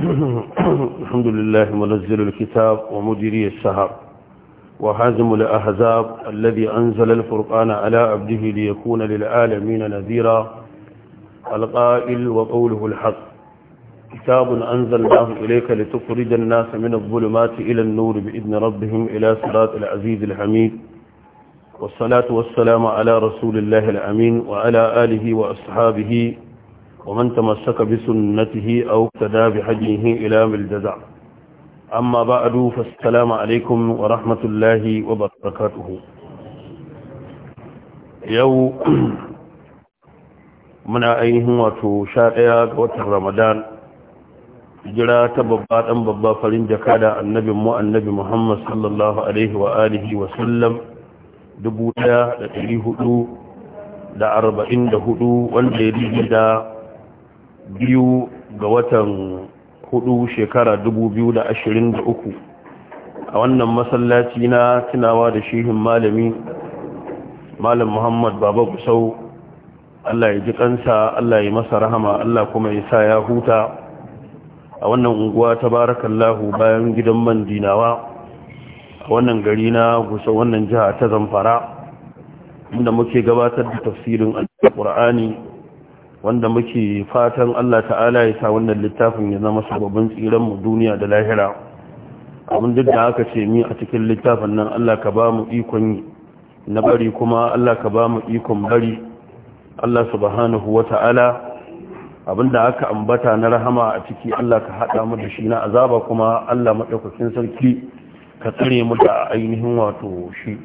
الحمد لله منزل الكتاب ومجري السهر وهازم الأحزاب الذي أنزل الفرقان على عبده ليكون للعالمين نذيرا القائل وقوله الحق كتاب أنزلناه إليك لتخرج الناس من الظلمات إلى النور بإذن ربهم إلى صراط العزيز الحميد والصلاة والسلام على رسول الله الأمين وعلى آله وأصحابه ومن تمسك بسنته أو اقتدى بحجه إلى بالجزاء أما بعد فالسلام عليكم ورحمة الله وبركاته يو muna ainihin wato sha ɗaya ga watan ramadan jira ta babba ɗan babba farin jaka da annabin mu annabi muhammad sallallahu alaihi wa sallam dubu ɗaya da hudu da arba'in da hudu wanda ya da biyu ga watan hudu shekara uku, a wannan masallaci na tunawa da shehin malami malam muhammad baba gusau allah ya ji kansa allah ya masa rahama allah kuma ya sa ya huta a wannan unguwa ta barakallahu bayan gidan man dinawa a wannan gari na gusau wannan jiha ta zamfara inda muke gabatar da tafsirin Al-Qur'ani. wanda muke fatan Allah ta'ala ya sa wannan littafin ya zama sababin tsiran mu duniya da lahira abin duk da aka ce mi a cikin littafin nan Allah ka ba mu ikon yi na bari kuma Allah ka ba mu ikon bari Allah subhanahu wa ta'ala abin da aka ambata na rahama a ciki Allah ka haɗa mu da shi na azaba kuma Allah maɗaukakin sarki ka tsare mu da ainihin wato shi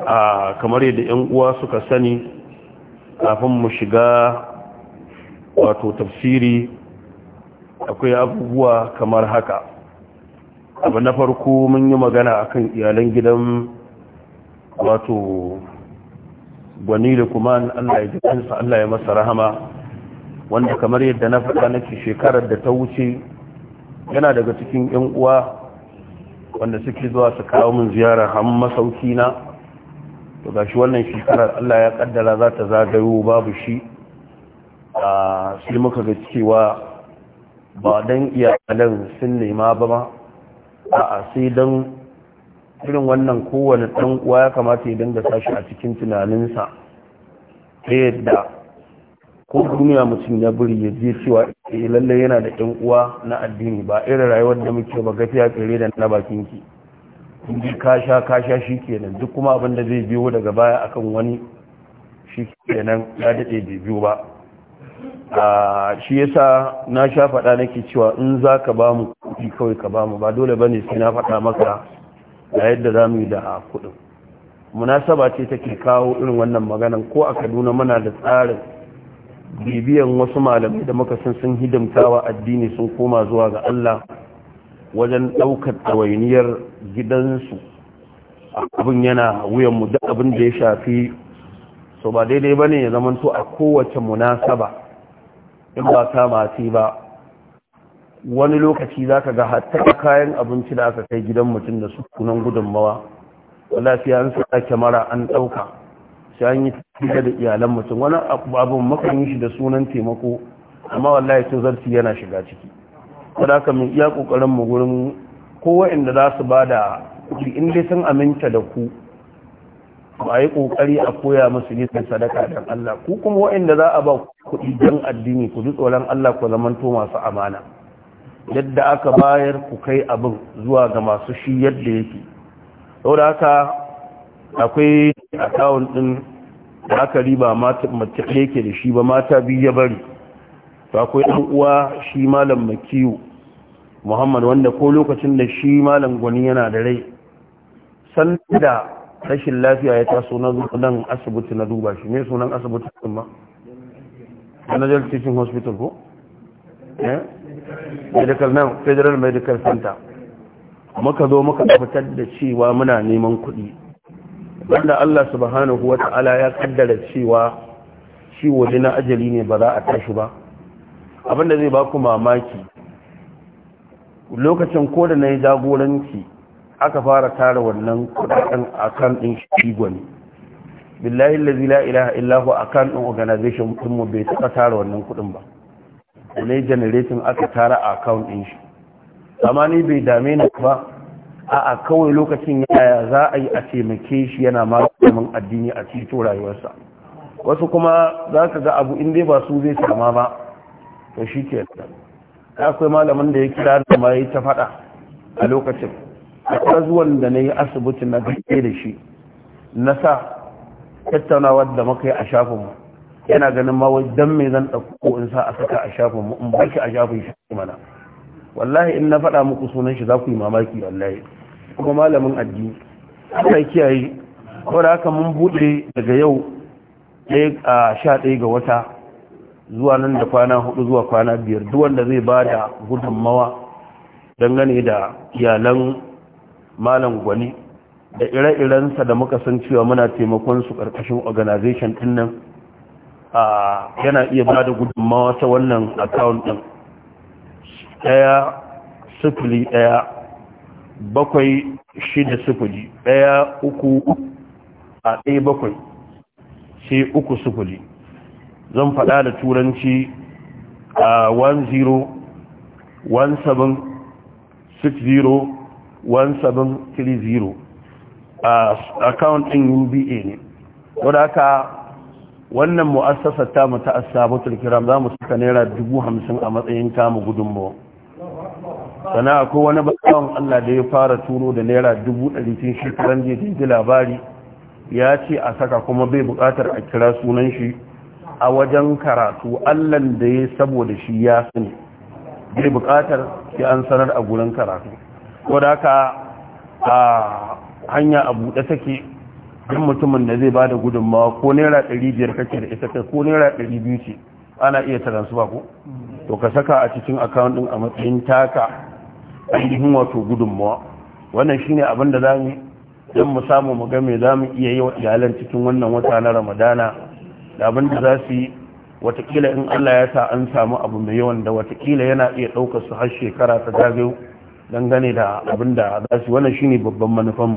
a kamar yadda 'yan uwa suka sani kafin mu shiga wato tafsiri akwai abubuwa kamar haka abu na farko mun yi magana akan iyalan gidan wato gwani da kuma Allah ya jikinsa Allah ya masa rahama wanda kamar yadda na faɗa nake shekarar da ta wuce yana daga cikin 'yan uwa wanda suke zuwa su kawo min ziyara har masauki na to gashi wannan shekarar Allah ya kaddara za ta zagayo babu shi a sai muka ga cewa ba don iyalan sun nema ba ba a sai don irin wannan kowane ɗan uwa ya kamata ya dinga sashi a cikin tunaninsa ta yadda ko duniya mutum ya buri ya je cewa eh, lallai yana da ɗan uwa na addini ba irin rayuwar da muke ba gafiya tsere da na bakinki inji kasha kasha shi kenan duk kuma abin zai biyo daga baya akan wani shi kenan ya daɗe bai biyo ba a shi yasa na sha faɗa nake cewa in za ka ba mu kuɗi kawai ka ba mu ba dole ba ne sai na faɗa maka da yadda za mu yi da kuɗin munasaba ce take kawo irin wannan maganan ko a kaduna muna da tsarin bibiyan wasu malamai da muka san sun hidimtawa addini sun koma zuwa ga allah wajen ɗaukar ɗawainiyar gidansu abin yana wuyanmu duk abin da ya shafi so ba daidai bane ne ya zamanto a kowace munasaba in ba ta mace ba wani lokaci za ka ga hatta kayan abinci da aka kai gidan mutum da su gudunmawa wala sai an sa kyamara an ɗauka shi an yi da iyalan mutum wani abin makon yi shi da sunan taimako amma wallahi sun zarci yana shiga ciki wadda aka mun iya ƙoƙarin mu gurin kowa inda za su ba da in sun aminta da ku a yi ƙoƙari a koya musu nisan sadaka don Allah ku kuma waɗanda za a ba kuɗi don addini ku ji tsoron Allah ku zamanto masu amana yadda aka bayar ku kai abin zuwa ga masu shi yadda yake saboda haka akwai akawun ɗin da aka riba mata mace yake da shi ba mata biyu ya bari to akwai ɗan uwa shi malam makiyu muhammad wanda ko lokacin da shi malam gwani yana da rai sanda rashin lafiya ya taso na nan asibiti na duba shi me sunan asibiti sun ma General Teaching Hospital ko eh? medical now Federal Medical Center muka zo muka fitar da cewa muna neman kuɗi wanda Allah subhanahu wa ta'ala ya kaddara cewa shi na ajali ne ba za a tashi ba abinda zai ba ku mamaki lokacin ko da na yi jagoranci aka fara tara wannan kudaden akan din shi gwani billahi allazi la ilaha illa huwa akan din organization din mu bai taba tara wannan kudin ba ne generating aka tara account din shi amma ni bai dame ni ba a'a kawai lokacin yaya za a yi a taimake shi yana malamin addini a cikin rayuwarsa wasu kuma za ka ga abu inda ba su zai sama ba to shi ke akwai malamin da ya kira da ma ta faɗa a lokacin a zuwan da na yi asibiti na gaske da shi na sa tattaunawar da muka yi a shafinmu yana ganin ma wai don me zan ɗauko in sa a saka a shafinmu in baki a shafin shi mana wallahi in na faɗa muku sunan shi za ku yi mamaki wallahi kuma malamin addini aka kiyaye kawai haka mun buɗe daga yau a sha ɗaya ga wata zuwa nan da kwana hudu zuwa kwana biyar duk wanda zai ba da gudunmawa dangane da iyalan malam gwani da ire-irensa da muka san cewa muna taimakon su ƙarƙashin organization ɗin nan yana iya ba da gudunmawa ta wannan account ɗin ɗaya sifili ɗaya bakwai shida sifili ɗaya uku a ɗaya bakwai sai uku sifili zan faɗa da turanci a 10 17 60 1730 account ɗin UBA ne wadda wannan mu'assasar ta mu ta asabatul kiram za mu saka naira hamsin a matsayin tamu gudunmu sana ko wani bakon Allah da ya fara turo da naira 100 tun shekaran je ji labari ya ce a saka kuma bai bukatar a kira sunan shi a wajen karatu Allah da ya saboda shi ya sani bai bukatar ki an sanar a gurin karatu wadaka a hanya a buɗe take yan mutumin da zai ba da gudunmawa ko naira ɗari biyar kake da ita kai ko naira ɗari biyu ce ana iya taransuwa ko to ka saka a cikin akawun ɗin a matsayin taka ainihin wato gudunmawa wannan shine abin da za mu don mu samu mu game za mu iya yi wa iyalan cikin wannan wata na ramadana da abin da za su yi watakila in allah ya sa an samu abu mai yawan da watakila yana iya ɗaukar su har shekara ta zagayo dangane da abin da za su shi shine babban manufan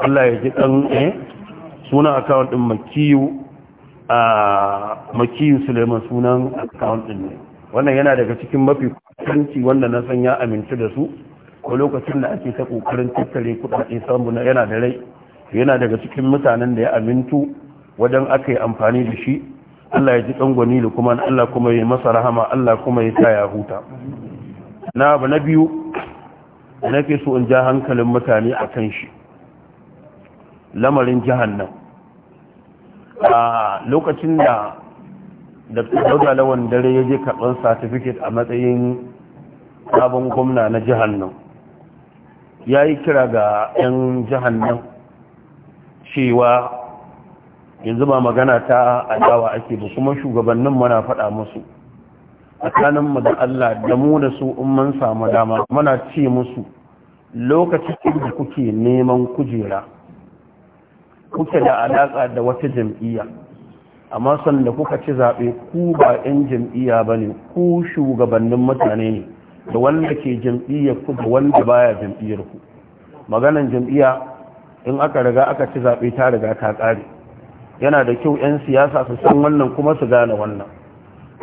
Allah ya ji ɗan eh suna account makiyu a makiyu Suleiman sunan account ɗin ne wannan yana daga cikin mafi kwanci wanda na san ya amintu da su ko lokacin da ake ta ƙoƙarin tattare kuɗaɗe samu na yana da rai yana daga cikin mutanen da ya amintu wajen aka yi amfani da shi Allah ya ji gwani da kuma Allah kuma ya yi masa rahama Allah kuma ya sa ya huta na abu na biyu da nake so in ja hankalin mutane a kan shi lamarin jahannan a lokacin da da lawan dare ya je karɓar satifiket a matsayin sabon gwamna na jahannan ya yi kira ga 'yan jahannan cewa yanzu ba magana ta adawa ake ba kuma shugabannin mana faɗa musu tsakanin mu da Allah da mu da su in mun samu dama muna ce musu lokaci da kuke neman kujera kuke da alaƙa da wata jam'iyya amma sanda kuka ci zaɓe ku ba 'yan jam'iyya ba ne ku shugabannin mutane ne da wanda ke jam'iyyar ku da wanda baya jam'iyyar ku maganan jam'iyya in aka riga aka ci zaɓe ta riga ta ƙare yana da kyau 'yan siyasa su san wannan kuma su gane wannan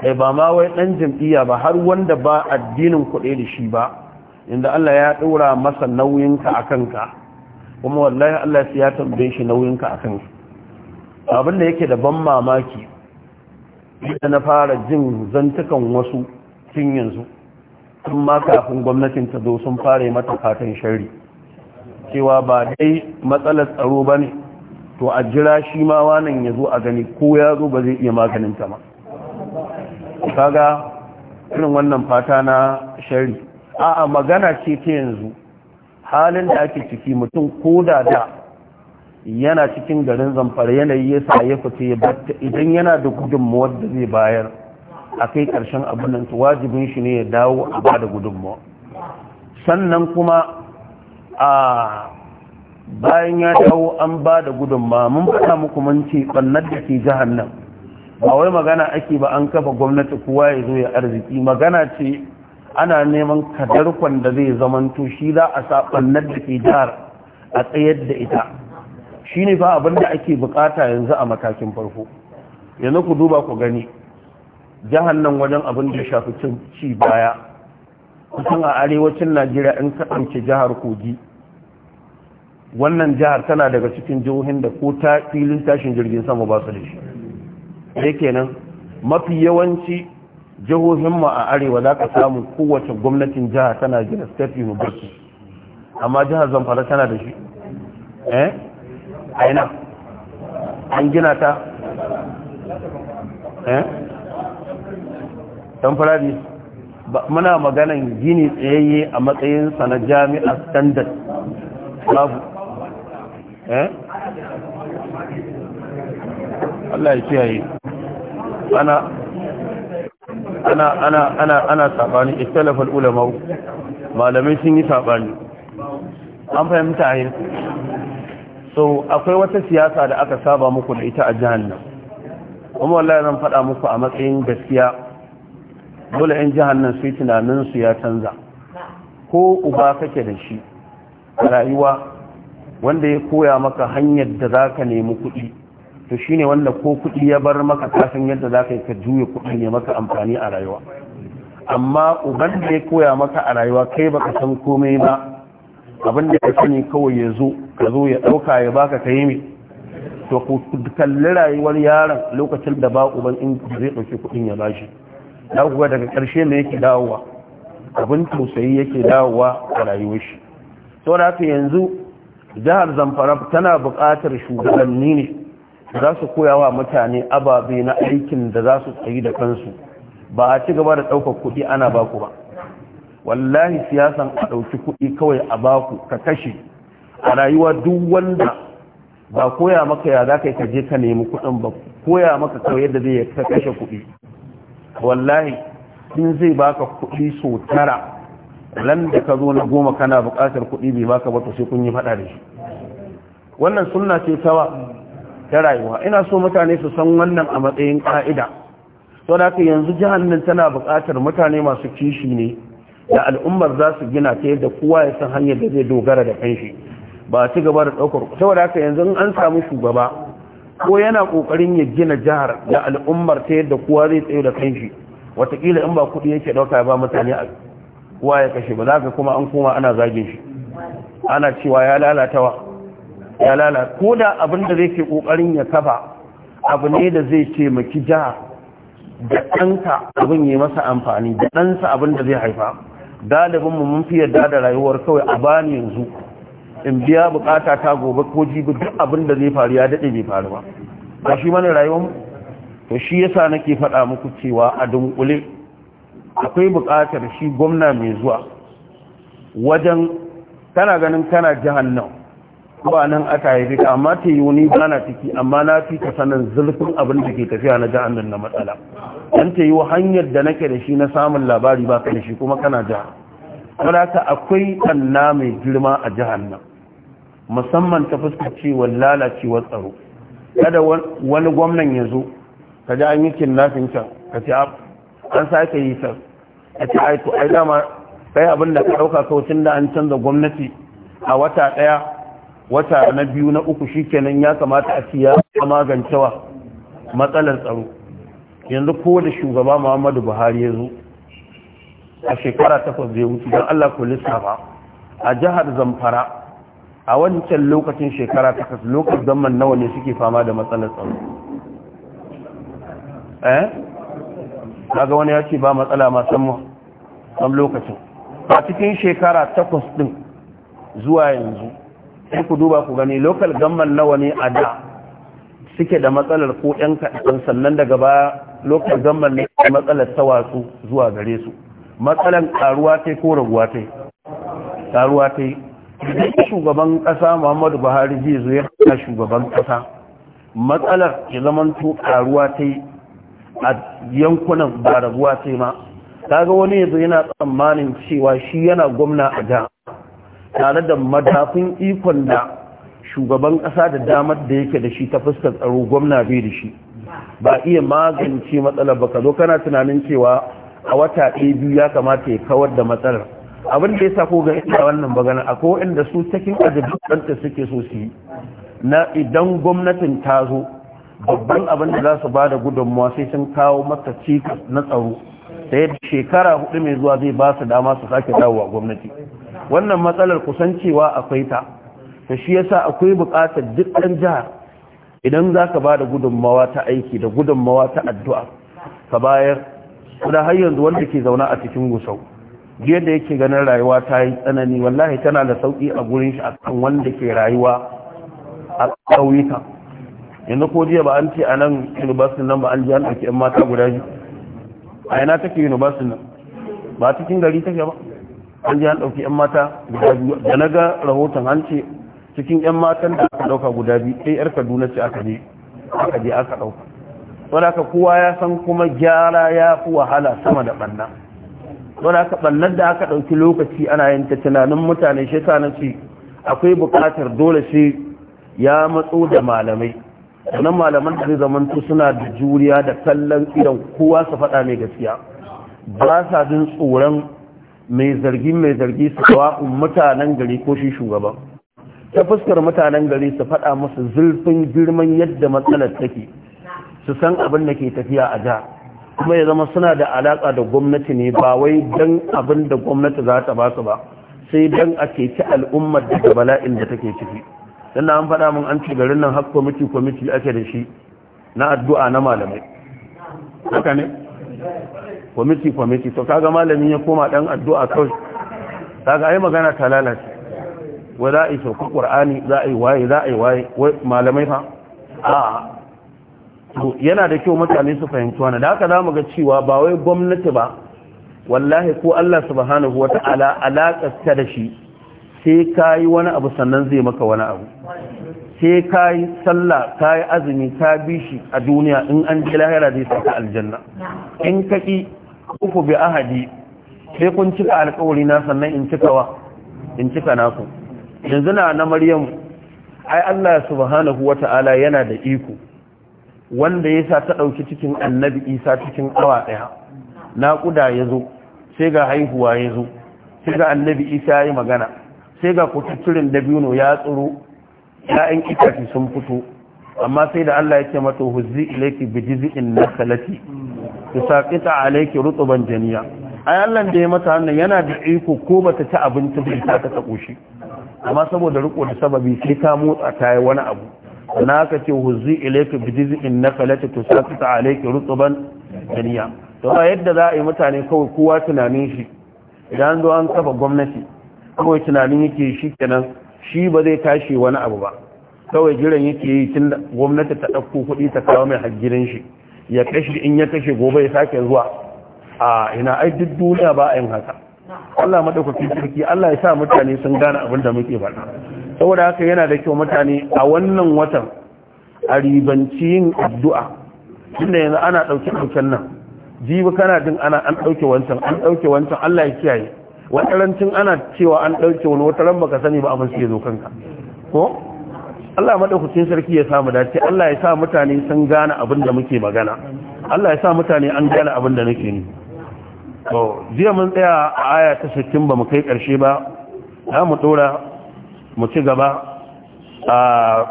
kai ba ma wai ɗan jam'iyya ba har wanda ba addinin kuɗe da shi ba inda Allah ya ɗora masa nauyinka a kanka kuma wallahi Allah ya tambaye shi nauyinka a kanka abin da yake da ban mamaki da na fara jin zantukan wasu tun yanzu tun ma kafin gwamnatin ta zo sun fara mata fatan shari cewa ba dai matsalar tsaro ba ne to a jira shi ma wanan ya zo a gani ko ya zo ba zai iya maganin ta ma kaga irin wannan fata na shari a'a magana ce ta yanzu halin da ake ciki mutum ko da da yana cikin garin zamfara yanayi ya sa ya fita ya batta idan yana da gudunmawar da zai bayar a kai ƙarshen abin nan wajibin shi ne ya dawo a ba da sannan kuma a bayan ya dawo an ba da gudunmawa mun faɗa muku mun ce ɓannar da ke jihar nan ba wai magana ake ba an kafa gwamnati kowa ya zo ya arziki magana ce ana neman kadarkon da zai zamanto shi za a nan da ke jihar a tsayar da ita shi ne fa abin da ake bukata yanzu a matakin farko yanzu ku duba ku gani jihar nan wajen abin da shafi cin ci baya kusan a arewacin najeriya in ka jihar kogi wannan jihar tana daga cikin jihohin da ko ta filin tashin jirgin sama ba su da shi sai kenan mafi yawanci jihohin a arewa za ka samu kowace gwamnatin jiha tana gina state university amma jihar zamfara tana da shi eh aina an gina ta eh zamfara ne muna maganan gini tsayayye a matsayin sana jami'a standard babu eh Allah ya kiyaye ana ana ana ana ana sabani malamai sun yi sabani an fahimta yin so akwai wata siyasa da aka saba muku da ita a jahannam kuma wallahi zan faɗa muku a matsayin gaskiya dole yan nan su tunanin su ya canza ko uba kake da shi a rayuwa wanda ya koya maka hanyar da za ka nemi kuɗi to shine wanda ko kuɗi ya bar maka kasan yadda za ka yi ka juya kuɗi ne maka amfani a rayuwa amma uban da ya koya maka a rayuwa kai baka san komai ba abin da ka sani kawai ya zo ka zo ya ɗauka ya baka ka yi mai to ku kalli rayuwar yaron lokacin da ba uban in zai ɗauki kuɗin ya bashi na kuwa daga ƙarshe ne yake dawowa abin tausayi yake dawowa a rayuwar shi saboda haka yanzu jihar zamfara tana buƙatar shugabanni ne za su koya wa mutane ababe na aikin da za su tsayi da kansu ba a ci gaba da ɗaukar kuɗi ana baku ba wallahi siyasan a ɗauki kuɗi kawai a baku ka kashe a rayuwa duk wanda ba koya maka ya za ka yi kaje ka nemi kuɗin ba koya maka kawai yadda zai ka kashe kuɗi wallahi in zai baka kuɗi sau tara lan da ka zo na goma kana buƙatar kuɗi bai baka ba to sai kun yi faɗa da shi wannan sunna ce tawa ta rayuwa ina so mutane su san wannan a matsayin ka'ida to da yanzu jihar nan tana buƙatar mutane masu kishi ne da al'ummar za su gina ta yadda kowa ya san hanyar da zai dogara da kanshi ba ci gaba da ɗaukar saboda haka yanzu an samu shugaba ko yana ƙoƙarin ya gina jihar da al'ummar ta yadda kowa zai tsaye da kanshi watakila in ba kuɗi yake ɗauka ba mutane a kowa ya kashe ba za ka kuma an koma ana zagin shi ana cewa ya lalatawa ya lalata ko da abin da zai ke kokarin ya kafa abu ne da zai taimaki jiha da ɗanka abin ya masa amfani da ɗansa abin da zai haifa dalibin mu mun fi yadda da rayuwar kawai a bani yanzu in biya bukata ta gobe ko jibi duk abin da zai faru ya daɗe bai faru ba shi mana rayuwar to shi yasa nake faɗa muku cewa a dunkule akwai bukatar shi gwamna mai zuwa wajen tana ganin kana jihannan ba nan aka haifi ka amma ta yi wuni ba na ciki amma na fi ta sanin zurfin abin da ke tafiya na ja'an nan na matsala an ta yi hanyar da nake da shi na samun labari ba ka shi kuma kana jiha ka akwai kanna mai girma a jihar nan musamman ta fuskar cewa lalacewar tsaro kada wani gwamnan ya zo ka ji an yi kidnapping can ka ce an sake yi can ce ai dama kai abin da ka ɗauka kawai tun da an canza gwamnati a wata ɗaya. wata na biyu na uku shikenan ya kamata a ciya magancewa matsalar tsaro yanzu ko da shugaba muhammadu buhari ya zo a shekara takwas zai wuce don allah ku lissafa a jihar zamfara a wancan lokacin shekara takwas lokacin zaman nawa ne suke fama da matsalar tsaro eh daga wani ya ce ba matsala masamman lokacin a cikin shekara takwas din zuwa yanzu sai ku duba ku gani local gamman nawa ne a da suke da matsalar ko yan kaɗan sannan daga ba local gamman ne matsalar ta wasu zuwa gare su matsalar ƙaruwa ta ko raguwa ta ƙaruwa ta yi shugaban ƙasa muhammadu buhari zai zo ya shugaban ƙasa matsalar ya to ƙaruwa ta a yankunan ba raguwa ta ma kaga wani yanzu yana tsammanin cewa shi yana gwamna a da tare da madafin ikon da shugaban kasa da damar da yake da shi ta fuskar tsaro gwamna bai da shi ba iya magance matsalar ba ka zo kana tunanin cewa a wata ɗaya biyu ya kamata ya kawar da matsalar abinda da ya sa ko ga ita wannan bagana akwai waɗanda su cikin ajabutanta suke so su yi na idan gwamnatin ta zo babban abin da za su ba da gudunmuwa sai sun kawo mata cikas na tsaro da yadda shekara hudu mai zuwa zai ba su dama su sake dawowa gwamnati wannan matsalar kusancewa akwai ta ta shi yasa akwai buƙatar duk ɗan jihar idan za ka ba da gudunmawa ta aiki da gudunmawa ta addu'a ka bayar da har yanzu wanda ke zauna a cikin gusau yadda yake ganin rayuwa ta yi tsanani wallahi tana da sauƙi a gurin shi akan wanda ke rayuwa a ƙauyuka yanzu ko jiya ba an ce a nan university nan ba an ji an ɗauki 'yan mata guda biyu a yana take university nan ba cikin gari take ba an ji an ɗauki 'yan mata guda biyu da na ga rahoton hanci cikin 'yan matan da aka ɗauka guda biyu ɗaya 'yar kaduna ce aka je aka je aka ɗauka wadda aka kowa ya san kuma gyara ya fi wahala sama da ɓanna wadda aka ɓannan da aka ɗauki lokaci ana yin ta tunanin mutane shi sa na ce akwai buƙatar dole shi ya matso da malamai sannan malaman da zai suna da juriya da kallon idan kowa su faɗa mai gaskiya ba sa jin tsoron mai zargi mai zargi su sawa'un mutanen gari ko shi shugaban ta fuskar mutanen gari su faɗa musu zurfin girman yadda matsalar take su san abin da ke tafiya a ja kuma ya zama suna da alaƙa da gwamnati ne ba wai don abin da gwamnati za ta ba su ba sai dan a keci al'ummar daga bala'in da take ciki don an faɗa min an ce garin nan har kwamiti kwamiti ake da shi na addu'a na malamai haka ne kwamiti kwamiti to kaga malamin ya koma dan addu'a kawai kaga ai magana ta lalace wa za a yi sauƙi ƙur'ani za a yi waye za a yi waye malamai fa a yana da kyau mutane su fahimci wani da haka za mu ga cewa ba wai gwamnati ba wallahi ko Allah subhanahu wa ta'ala ta da shi sai ka yi wani abu sannan zai maka wani abu sai ka yi sallah ka yi azumi ka bi shi a duniya in an ji lahira zai saka aljanna in ka uku bi ahadi sai kun cika alƙawari na sannan in cika wa in cika naku yanzu na na maryam ai Allah subhanahu wata'ala yana da iko wanda yasa ta ɗauki cikin annabi isa cikin awa ɗaya naƙuda ya zo sai ga haihuwa ya sai ga annabi isa yayi magana sai ga kututturin dabino ya tsoro ya'yan itace sun fito amma sai da Allah yake mata huzzi ilayki bi jiz'in nakhlati tusaqita alayki rutuban janiya ai Allah da ya mata wannan yana da iko ko bata ci abinci ba ta ta koshi amma saboda riko da sababi sai ta motsa ta yi wani abu na ka ce huzzi ilayki bi jiz'in nakhlati tusaqita alayki rutuban janiya to ba yadda za a yi mutane kawai kowa tunanin shi idan zo an kafa gwamnati kawai tunanin yake shi kenan shi ba zai tashi wani abu ba kawai jiran yake yi tun gwamnati ta ɗauko kuɗi ta kawo mai hajjirin shi ya kashe in ya kashe gobe ya sake zuwa a ina ai duk duniya ba a yin haka Allah madaukakin sarki Allah ya sa mutane sun gane abin da muke faɗa saboda haka yana da kyau mutane a wannan watan a ribanci yin addu'a tunda yanzu ana ɗauke ɗauken nan jibi kana jin ana an ɗauke wancan an ɗauke wancan Allah ya kiyaye wata rancin ana cewa an ɗauke wani wata ran baka sani ba abin su ke zo kanka ko Allah madaukakin sarki ya samu dace Allah ya sa mutane sun gane abin da muke magana Allah ya sa mutane an gane abin da nake ni to jiya mun tsaya a aya ta 60 ba mu kai karshe ba za mu dora mu ci gaba a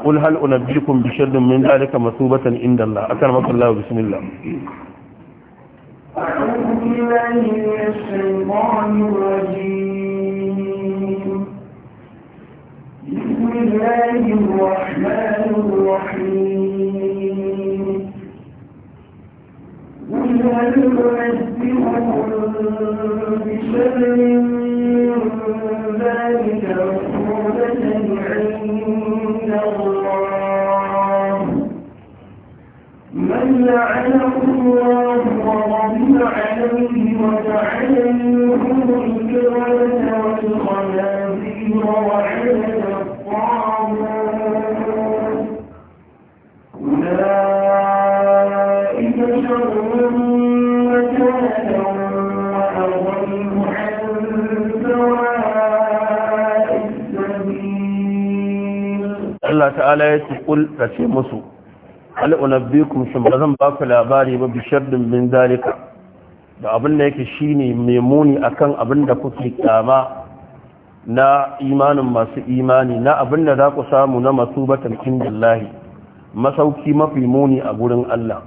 qul hal bishiyar bi sharrin min zalika masubatan inda Allah akramakum Allah bismillah أعوذ بالله من الشيطان الله الرحمن الرحيم قل هل بشر من ذلك عند الله من لعنه الله وغضب عليه وتعلم Allah ta'ala ya ce kul ka ce musu hal unabbikum shin ba zan ba ku labari ba bisharrin min zalika da abin da yake shine mai muni akan abin da kuke kyama na imanin masu imani na abin da za ku samu na masu masubatan dillahi masauki mafi muni a gurin Allah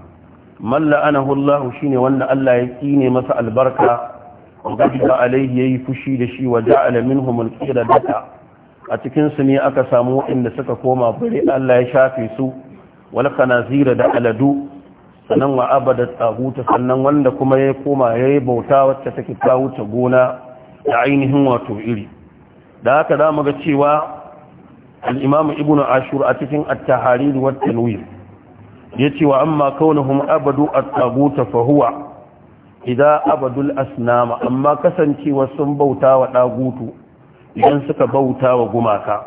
man la'anahu Allah shine wanda Allah ya kine masa albarka wa gaba alaihi yayi fushi da shi wa ja'ala minhum al-qiradata a cikinsu ne aka samu waɗanda suka koma bari Allah ya shafe su wal kanazira da aladu sannan wa abada tsaguta sannan wanda kuma ya koma ya yi bauta wacce take ta gona da ainihin wato iri da haka za mu ga cewa al'imamu Ibnu ashur a cikin attahariri taharir wa tanwir ya ce wa amma kaunahum abadu a taguta Fahuwa idan abadul asnama amma kasancewa sun bauta wa dagutu idan suka bauta wa gumaka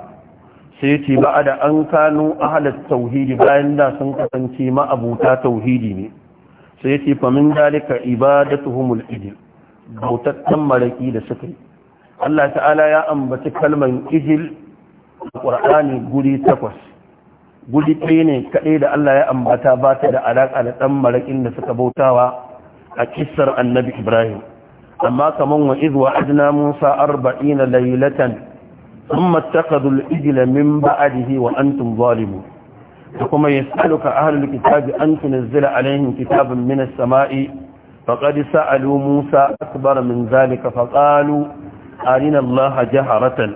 sai ce ba da an kano ahalar tauhidi bayan da sun kasance ma'abuta tauhidi ne sai ce famin dalika ibadatuhumul ijil bautattun maraƙi da suka yi Allah ta'ala ya ambaci kalman ijil a ƙwar'ani guri takwas guri ɗaya ne kaɗai da Allah ya ambata ba ta da alaƙa da ɗan maraƙin da suka bautawa a kissar annabi ibrahim amma kaman wa izu wa adina musa arba'i na lailatan sun matakadu ijila min ba'adihi wa antum zalimu da kuma ya tsalu ka ahalar kitabi an tunan zira alaihin kitabin minas sama'i faƙadi sa'alu musa akbar min zalika faƙalu arina allah jaharatan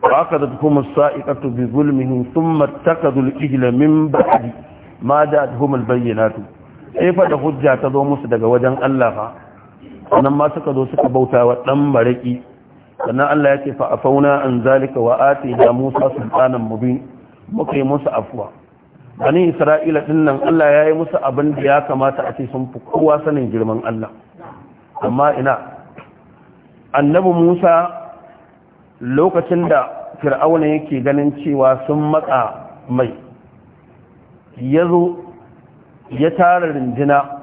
ba ka da tuhumu sa'ikatu bi zulmihin sun matakadu ijila min ba'adi ma da tuhumu bayyana sai faɗa hujja ta zo musu daga wajen allah sannan ma suka zo suka bauta wa ɗan maraki sannan Allah ya ce fa fauna an zalika wa da Musa sultanan mubi muka yi musu afuwa. bani Isra'ila ɗinnan nan Allah ya yi musu abin da ya kamata a ce sun fi kowa sanin girman Allah amma ina annabi Musa lokacin da Fir'auna yake ganin cewa sun matsa mai ya zo ya tara rinjina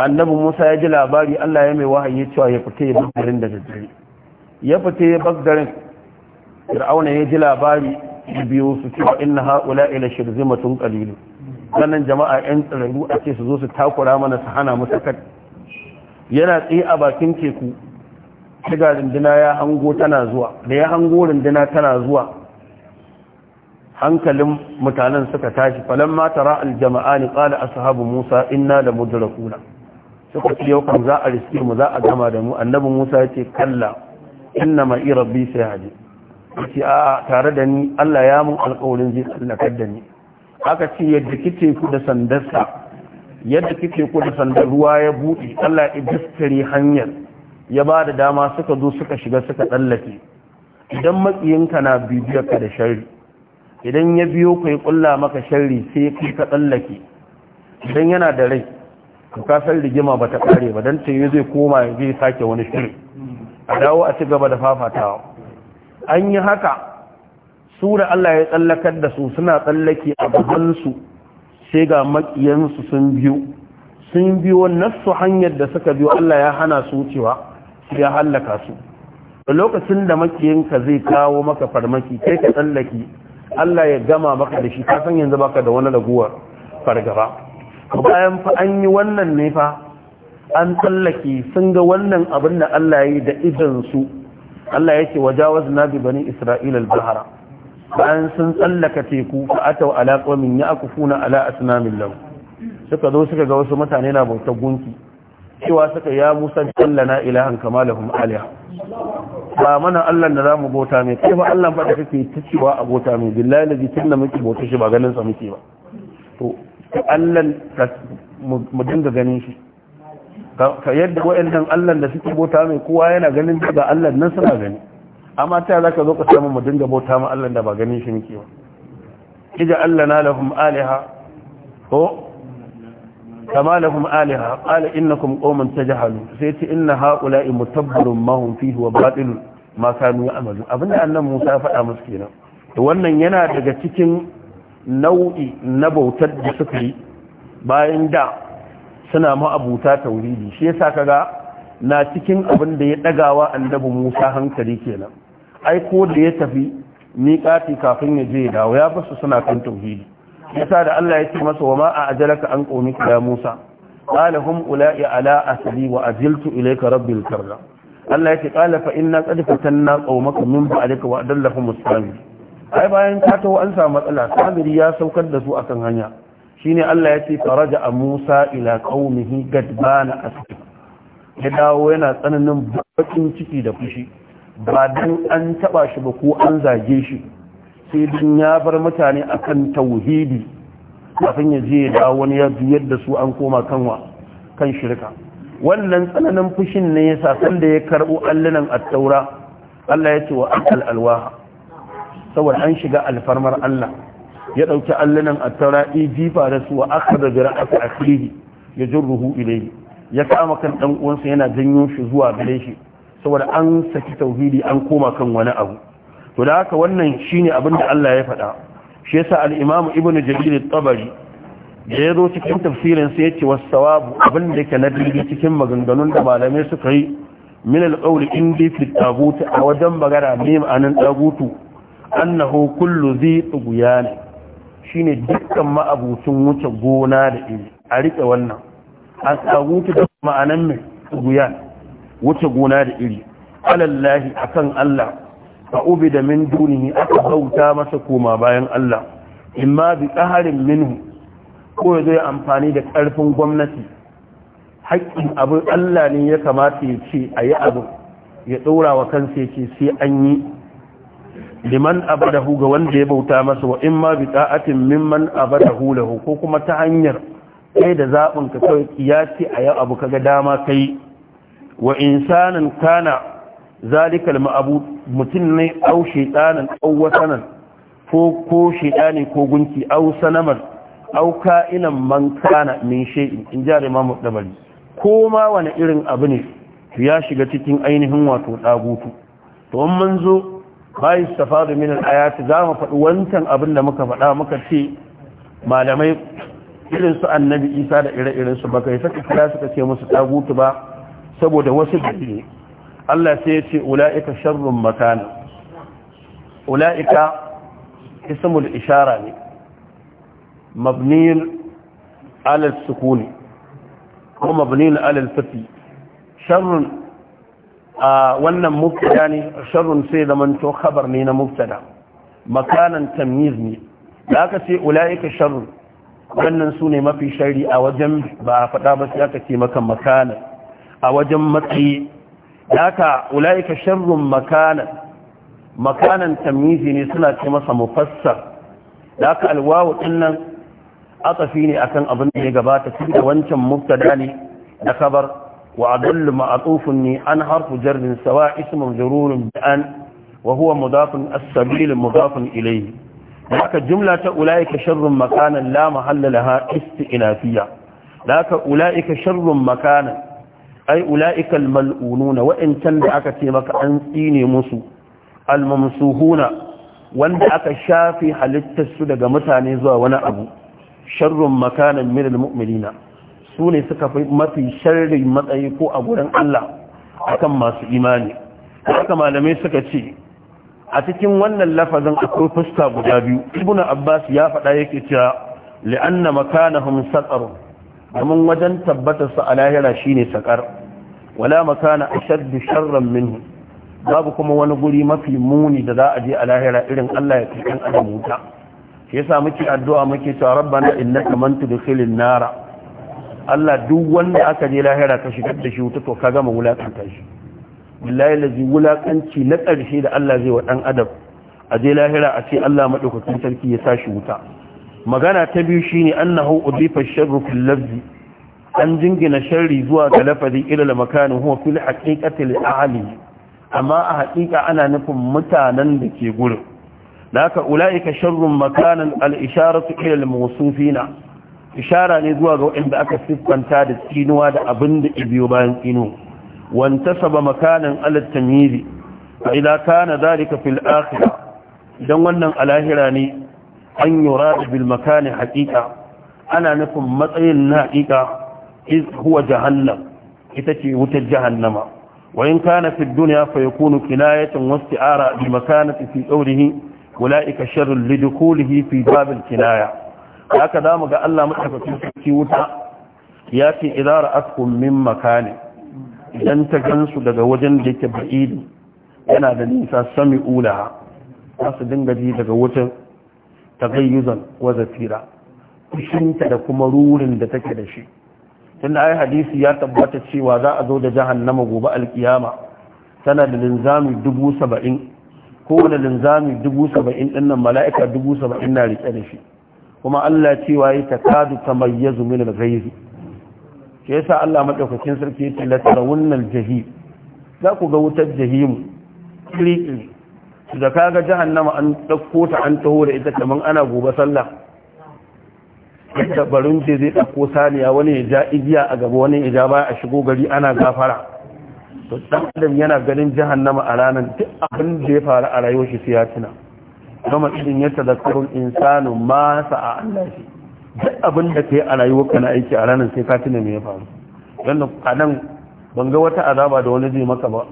annabi Musa ya ji labari Allah ya mai wahayi cewa ya fita ya bagdarin da daddare ya fita ya bagdarin fir'auna ya ji labari biyu su cewa inna haula ila shirzimatun qalilu sannan jama'a yan tsirarru a ce su zo su takura mana su hana mu sakat yana tsaye a bakin teku shiga rindina ya hango tana zuwa da ya hango rindina tana zuwa hankalin mutanen suka tashi falamma tara aljama'ani qala ashabu musa inna la mudrakuna suka ce yau kan za a riske mu za a gama da mu annabi musa ya ce kalla inna ma ira bi sai haji ce a tare da ni allah ya mun alƙawarin zai tsallakar da ni aka ce yadda kike ku da sandarsa yadda kike ku da sandar ruwa ya buɗe allah ya daskare hanyar ya ba da dama suka zo suka shiga suka tsallake idan ka na bibiyar ka da sharri idan ya biyo ka ya maka sharri sai kai ka tsallake idan yana da rai kasar rigima ba ta kare ba don ta yi zai koma zai sake wani shiri a dawo a ci gaba da fafatawa an yi haka su da Allah ya tsallakar da su suna tsallake a gabansu sai ga makiyansu sun biyu sun biyo nasu hanyar da suka biyo Allah ya hana su cewa su ya hallaka su da lokacin da makiyanka zai kawo maka farmaki kai ka tsallake Allah ya gama maka da shi kasan yanzu baka da wani raguwar fargaba bayan fa an yi wannan ne fa an tsallake sun ga wannan abin da Allah ya yi da idansu Allah ya ce wajawaz na bi bani Isra'ila al-bahara bayan sun tsallaka teku fa atau ala qawmin yaqufuna ala asnamin law suka zo suka ga wasu mutane na bautar gunki cewa suka ya Musa sallana ilahan kama lahum aliha ba mana Allah da zamu bauta mai kai fa Allah ba da kake ta cewa a bauta mai billahi ladhi tunna muke bauta shi ba ganin sa muke ba to to allan mu dinga ganin shi ka yadda wa'annan allan da suke bota mai kowa yana ganin daga allan nan suna gani amma ta za ka zo ka samu mu dinga bota ma allan da ba ganin shi muke ba ija na lahum aliha ko kama lahum aliha qala innakum qauman tajhalu sai ce inna haula'i mutabbarun ma hum fihi wa batil ma kanu ya'malu abinda annabi Musa ya faɗa musu kenan to wannan yana daga cikin nau'i na bautar da suka yi bayan da suna ma'abuta tauridi shi yasa kaga na cikin abin da ya dagawa annabi Musa hankali kenan ai ko da ya tafi kafi kafin ya je ya dawo ya basu suna kan tauhidi yasa da Allah ya ce masa wa ma a ajalaka an qaumika ya Musa qala hum ula'i ala asli wa aziltu ilayka rabbil karra Allah ya ce qala fa inna qad fatanna qaumaka min ba'dika wa adallahum as ai bayan ka taho an samu matsala sabiri ya saukar da su akan hanya shine Allah ya ce faraja a Musa ila qaumihi gadban asfi ya dawo yana tsananin bakin ciki da fushi ba dan an taba shi ba ko an zage shi sai din ya bar mutane akan tauhidi kafin ya je ya dawo wani ya biyar da su an koma kanwa kan shirka wannan tsananin fushin ne yasa sanda ya karbo allunan at-taura Allah ya ce wa akal alwaha saboda an shiga alfarmar Allah ya ɗauki allunan attaura jifa da su wa aka da jira aka akhihi ya ruhu ilayhi ya kama kan dan uwansa yana janyo shi zuwa gare shi saboda an saki tauhidi an koma kan wani abu to da haka wannan shine abin da Allah ya faɗa shi yasa al-Imam Ibn Jarir al-Tabari da ya zo cikin tafsirin sa yace was-sawabu abin da ke nadiri cikin maganganun da malamai suka yi min al-qawl indi fi al-tabut a wajen bagara ne ma'anin tagutu annahu kullu zai tsuguya ne shi ne dukkan ma'abucin wuce gona da iri a riƙe wannan a tsagutu da ma'anan mai tsuguya wuce gona da iri alallahi akan Allah a ubi da min dunihi aka bauta masa koma bayan Allah imma bi ƙaharin minhu ko ya amfani da ƙarfin gwamnati haƙƙin abin Allah ne ya kamata ya ce a yi abin ya ɗora wa kansa ya ce sai an yi liman abadahu ga wanda ya bauta masa wa in ma bi ta'atin mimman abadahu lahu ko kuma ta hanyar kai da zabin ka kai kiyasi a yau abu kaga dama kai wa insanan kana zalikal ma'abu mutun ne au shaytanan au wasanan ko ko shaytani ko gunki au sanaman au ka'inan man kana min shay'in in ja Imam Dabari ko ma wani irin abu ne ya shiga cikin ainihin wato dagutu to mun zo bayan safari min ayati za mu faɗi wancan abin da muka faɗa muka ce malamai irin su annabi isa da ire-iren su baka yasa kira suka ce musu tagutu ba saboda wasu dalili Allah sai ya ce ula'ika sharrun makana ula'ika ismul ishara ne mabniyin alal sukuni ko mabniyin alal fati sharrun a wannan mubtada ne sharrun sai manto khabar ne na mubtada makanan tamyiz ne da aka ce ulaika sharrun wannan su ne mafi shari a wajen ba a faɗa ba sai aka ce maka makanan a wajen matsayi da aka ulaika sharrun makanan makanan tamyiz ne suna ce masa mufassar da aka alwawu dinnan fi ne akan abin da ya gabata tun da wancan mubtada ne da khabar وأضل معطوف أن حرف جر سواء اسم مجرور بأن وهو مضاف السبيل مضاف إليه لك جملة أولئك شر مكانا لا محل لها استئنافية لك أولئك شر مكانا أي أولئك الملؤونون وإن تنبعك تيمك أنسيني مسو الممسوهون وانبعك شافي حلت السدق متانيزوا ونأبو شر مكانا من المؤمنين su ne suka fi mafi sharri matsayi ko a gurin Allah akan masu imani haka malamai suka ce a cikin wannan lafazin akwai fuska guda biyu ibn abbas ya faɗa yake cewa li'anna makanahum saqar domin wajen tabbatar su a lahira shine saqar wala makana ashaddu sharran minhu babu kuma wani guri mafi muni da za a je a lahira irin Allah ya kai kan adam ta? shi yasa muke addu'a muke cewa rabbana innaka man tudkhilin nara Allah duk wanda aka je lahira ka shigar da shi wuta to ka gama wulakanta shi billahi lazi wulakanci na ƙarshe da Allah zai wa ɗan adam a je lahira a ce Allah madaukakin sarki ya tashi wuta magana ta biyu shine annahu udifa sharru fil lafzi an jingina sharri zuwa ga lafazi ila la makanin huwa fil haqiqati lil ahli amma a haƙiƙa ana nufin mutanen da ke gurin laka ulaika sharrun makanan al isharatu ila al mawsufina ishara ne zuwa ga waɗanda aka siffanta da tsinuwa da abin da ibiyo bayan tsino wanta saba makanan alat tamiri a ila kana zarika fil akhira idan wannan alahira ne an yura da bil makani haqiqa ana nufin matsayin na hakika iz huwa jahannam ita ce wutar jahannama wa in kana fi dunya fa yakunu kinayatan wasti'ara bi makanati fi qawlihi ulaika sharrul lidukulihi fi babil kinaya haka za mu ga Allah matsakafin sarki wuta ya ce idara asku min makani idan ta gansu daga wajen da yake ba'idi yana da nisa sami ula za su dinga ji daga wutan tagayyuzan waza fira kushinta da kuma rurin da take da shi tunda ai hadisi ya tabbata cewa za a zo da jahannama gobe alkiyama tana da linzami dubu saba'in kowane linzami dubu saba'in ɗin nan mala'ika dubu saba'in na riƙe da shi kuma Allah cewa ya takadu ta min al-ghayz shi yasa Allah maɗaukacin sarki yace la tarawunna al-jahim za ku ga wutar jahim Su da ka kaga jahannama an ɗauko ta an taho da ita kaman ana gobe sallah yadda barin ce zai ɗauko saniya wani ya ja igiya a gaba wani ya ja baya a shigo gari ana gafara to ɗan adam yana ganin jahannama a ranar duk abin da ya faru a rayuwar shi sai ya tuna gama idin ya tazakkarun insanu ma sa'a Allah shi duk abin da ka a rayuwarka na aiki a ranar sai ka tuna me ya faru dan a nan ban ga wata azaba da wani zai maka ba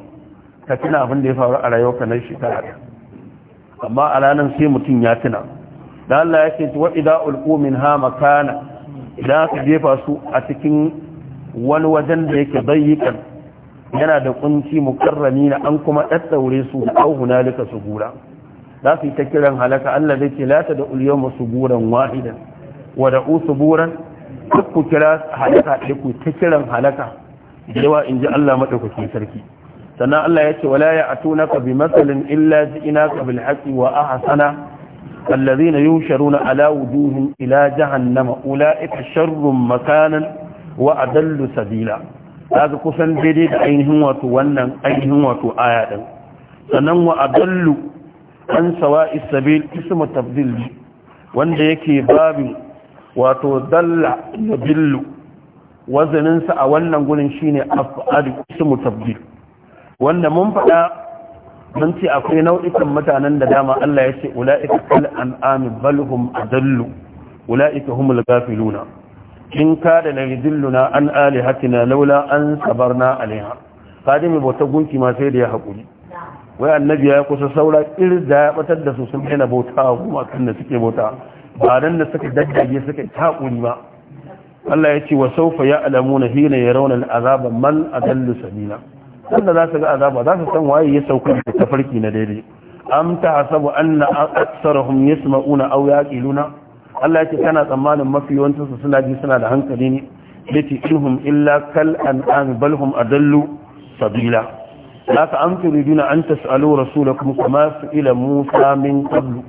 ka tuna abin da ya faru a rayuwarka na shekara amma a ranar sai mutum ya tuna da Allah ya wa idza ulqu minha makana idan aka jefa su a cikin wani wajen da yake dayyikan yana da kunci mukarrami na an kuma daddaure su au hunalika su gura za su yi ta kiran halaka Allah zai ce lata da uliyar masu buran wahidan wa da usu buran ku kira halaka da ku ta kiran halaka yawa in ji Allah maɗaukakin sarki sannan Allah ya ce wala ya a tuna ka bi matsalin illa ji ina ka bil wa a hasana allazi na yi sharu na ala wujuhin ila jahannama ula ita sharrun makanan wa a dallu sabila za ka kusan daidai da ainihin wato wannan ainihin wato aya ɗin sannan wa a dallu an sawa'i sabil ismu tabdil wanda yake babin wato dalla ya billu wazaninsa a wannan gurin shine af'alu ismu tabdil wanda mun faɗa mun ce akwai nau'ikan mutanen da dama Allah ya ce ula'ika kal an'am balhum adallu ula'ika humul ghafiluna in kada la yudilluna an alihatina laula an sabarna alaiha kadimi bauta gunki ma sai da ya haƙuri wai annabi ya kusa saura irin da ya batar da su sun daina bauta a kan da suke bauta ba nan da suka daddage suka taƙuni ba Allah ya ce wa saufa ya alamu na hina ya rauna azaba man a adallu sabila da za su ga azaba za su san waye ya sauka da tafarki na daidai am ta hasabu anna aksarahum yasma'una aw yaqiluna Allah ya ce kana tsammanin mafi yawancin su suna ji suna da hankali ne yace inhum illa kal an'am bal hum adallu sabila laka an turiduna an tas'alu rasulakum kama ila musa min qablu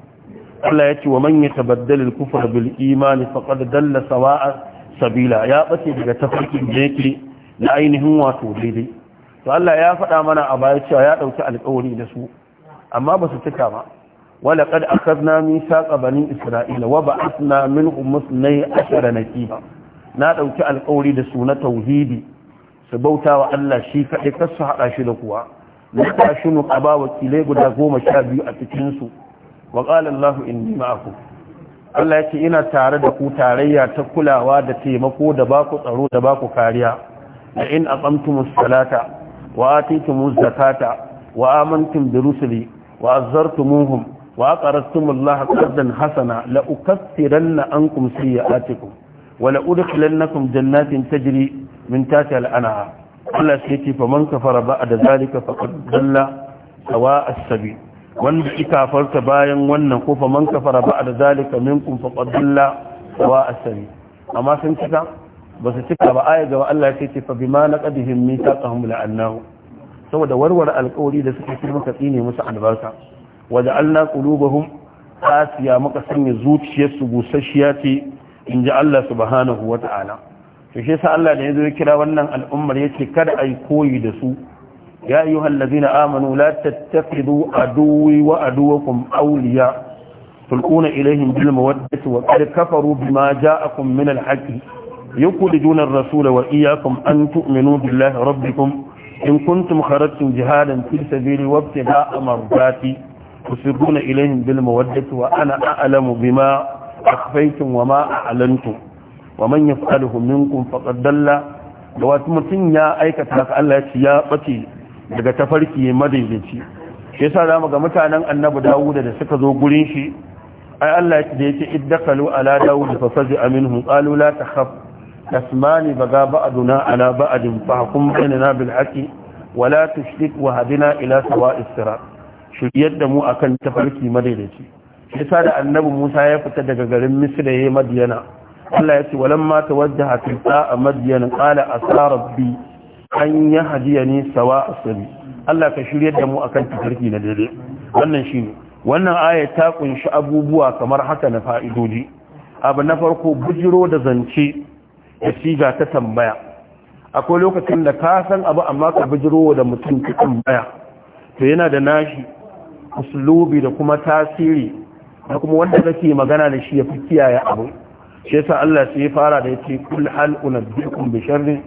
Allah ya ce wa man yatabaddal al-kufra bil iman faqad dalla sawa'a sabila ya bace daga tafarkin da na ainihin wato daidai to Allah ya faɗa mana a baya cewa ya ɗauki alƙawari da su amma ba su cika ba wala qad akhadna mithaqa bani isra'ila wa ba'athna minhum musnay ashara nakiba na ɗauki alƙawari da su na tauhidi su bauta wa Allah shi kaɗai kasu haɗa shi da kuwa na tashi mu ƙaba wakilai guda goma sha biyu a cikinsu wa Lahu in nima aku. Allah ya ce ina tare da ku tarayya ta kulawa da taimako da baku tsaro da baku kariya da in aqamtumus salata wa atitumuz zakata wa amantum bi rusuli wa muhum, wa aqarrtumullaha qardan hasana la ukaffiranna ankum sayi'atikum wa na udkhilannakum jannatin tajri min tace al'ana'a Allah sai ce fa man kafara ba da zalika faqad dalla sawa as-sabi wanda ki kafarta bayan wannan ko fa man kafara ba da zalika minkum faqad dalla sawa as-sabi amma sun cika ba su cika ba aya ga Allah sai ce fa bima naqadihim mithaqahum la'annahu saboda warware alƙawari da suka yi muka tsine musu albarka wajen allah ƙulubahun asiya muka sanya zuciyarsu busasshiya ce in ji allah subhanahu wata'ala to shi yasa Allah da yazo ya kira wannan al'ummar ce kada ai koyi da su ya ayyuhal ladina amanu la a aduwi wa aduwakum awliya tulquna ilayhim bil mawaddati wa qad kafaru bima ja'akum min al haqq يخرجون الرسول وإياكم أن تؤمنوا بالله ربكم إن كنتم خرجتم جهادا في سبيلي وابتغاء مرضاتي تسرون إليهم بالمودة وأنا أعلم بما أخفيتم وما أعلنتم wa man yaf'aluhu minkum faqad dalla da wasu mutum ya aikata haka Allah ya ce ya bace daga tafarki madaidaici shi yasa zamu ga mutanen Annabi Dawud da suka zo gurin shi ai Allah da yake iddakalu ala Dawud fa faza minhum qalu la takhaf tasmani baga ba'duna ala ba'din fa hukum bainana bil haqi wala tushrik wa hadina ila sawa'is sirat shiryar da mu akan tafarki madaidaici yasa da Annabi Musa ya fita daga garin Misra yayin Madiyana Allah ya ce ma tawajjaha fi a madyan qala asa rabbi an yahdiyani sawa asri Allah ka shiryar da mu akan tafarki na dare wannan shine wannan aya ta kunshi abubuwa kamar haka na fa'idodi. abu na farko bujiro da zance da siga ta tambaya akwai lokacin da ka san abu amma ka bujiro da mutum ta tambaya to yana da nashi uslubi da kuma tasiri da kuma wanda kake magana da shi ya fi kiyaye abu shi yasa Allah sai ya fara da yace kul hal unabbiukum bi sharri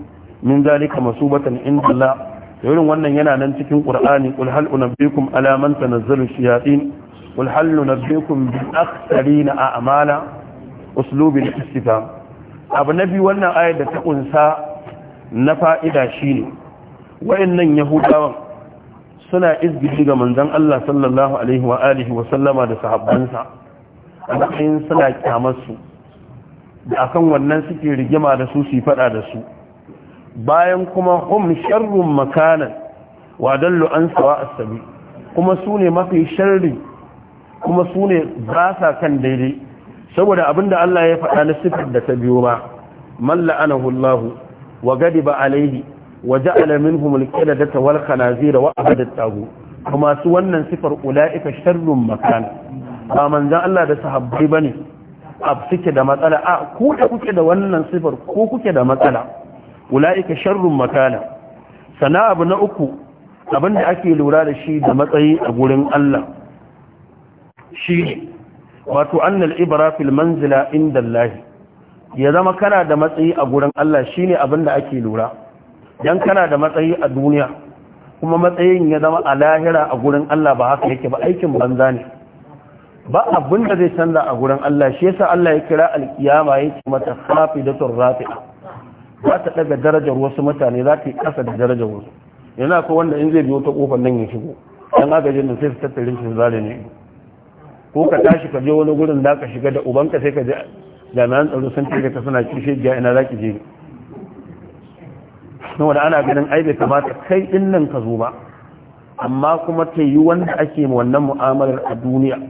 min zalika masubatan inda Allah irin wannan yana nan cikin Qur'ani kul hal unabbiukum ala man tanazzalu shayatin kul hal unabbiukum bi aktharina a'mala uslubi al-istifham abu nabi wannan ayar da ta kunsa na fa'ida shine wayannan yahudawan suna izgidi ga manzon Allah sallallahu alaihi wa alihi wa sallama da sahabbansa a matsayin suna kyamarsu da akan wannan suke rigima da su su fada da su bayan kuma hum sharrun makanan wa dallu an sawa asabi kuma su ne mafi sharri kuma su ne ba sa kan daidai saboda abinda Allah ya faɗa na sifar da ta biyo ba man la'anahu Allah wa gadiba alaihi wa ja'ala minhum al-qadata wal khanazira wa ahadat tagu kuma su wannan sifar ula'ika sharrun makan ba manzon Allah da sahabbai bane suke da matsala a ku da kuke da wannan sifar ko kuke da matsala ula'ika sharrun makana sana abu na uku abinda ake lura da shi da matsayi a gurin Allah shi ne wato annal ibra manzila inda Allah ya zama kana da matsayi a gurin Allah shine abinda ake lura dan kana da matsayi a duniya kuma matsayin ya zama a lahira a gurin Allah ba haka yake ba aikin banza ne ba abin da zai canza a gurin Allah shi yasa Allah ya kira alkiyama ya ce mata khafidatur rafi'a ba ta daga darajar wasu mutane za ta yi kasa da darajar wasu yana ko wanda in zai biyo ta kofar nan ya shigo dan agajin nan sai su tattalin su zare ne ko ka tashi ka je wani gurin da ka shiga da ubanka sai ka je jami'an tsaro sun ce ka suna kishe ga ina za ki je na wanda ana ganin ai bai kamata kai din nan ka zo ba amma kuma ta yi wanda ake wannan mu'amalar a duniya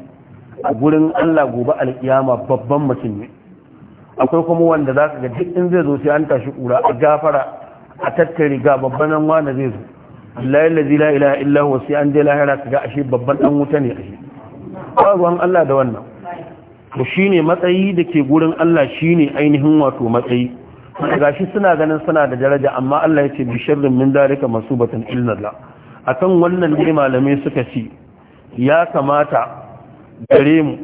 a gurin Allah gobe alkiyama babban mutum ne akwai kuma wanda za ka ga duk in zai zo sai an tashi kura a gafara a tattare ga babban nan wanda zai zo Allah la ilaha illa huwa sai an je lahira ka ga ashe babban dan wuta ne ashe ba ruwan Allah da wannan to shine matsayi da ke gurin Allah shine ainihin wato matsayi gashi suna ganin suna da daraja amma Allah ya ce bi sharrin min dalika masubatan illa akan wannan dai malamai suka ci ya kamata gare mu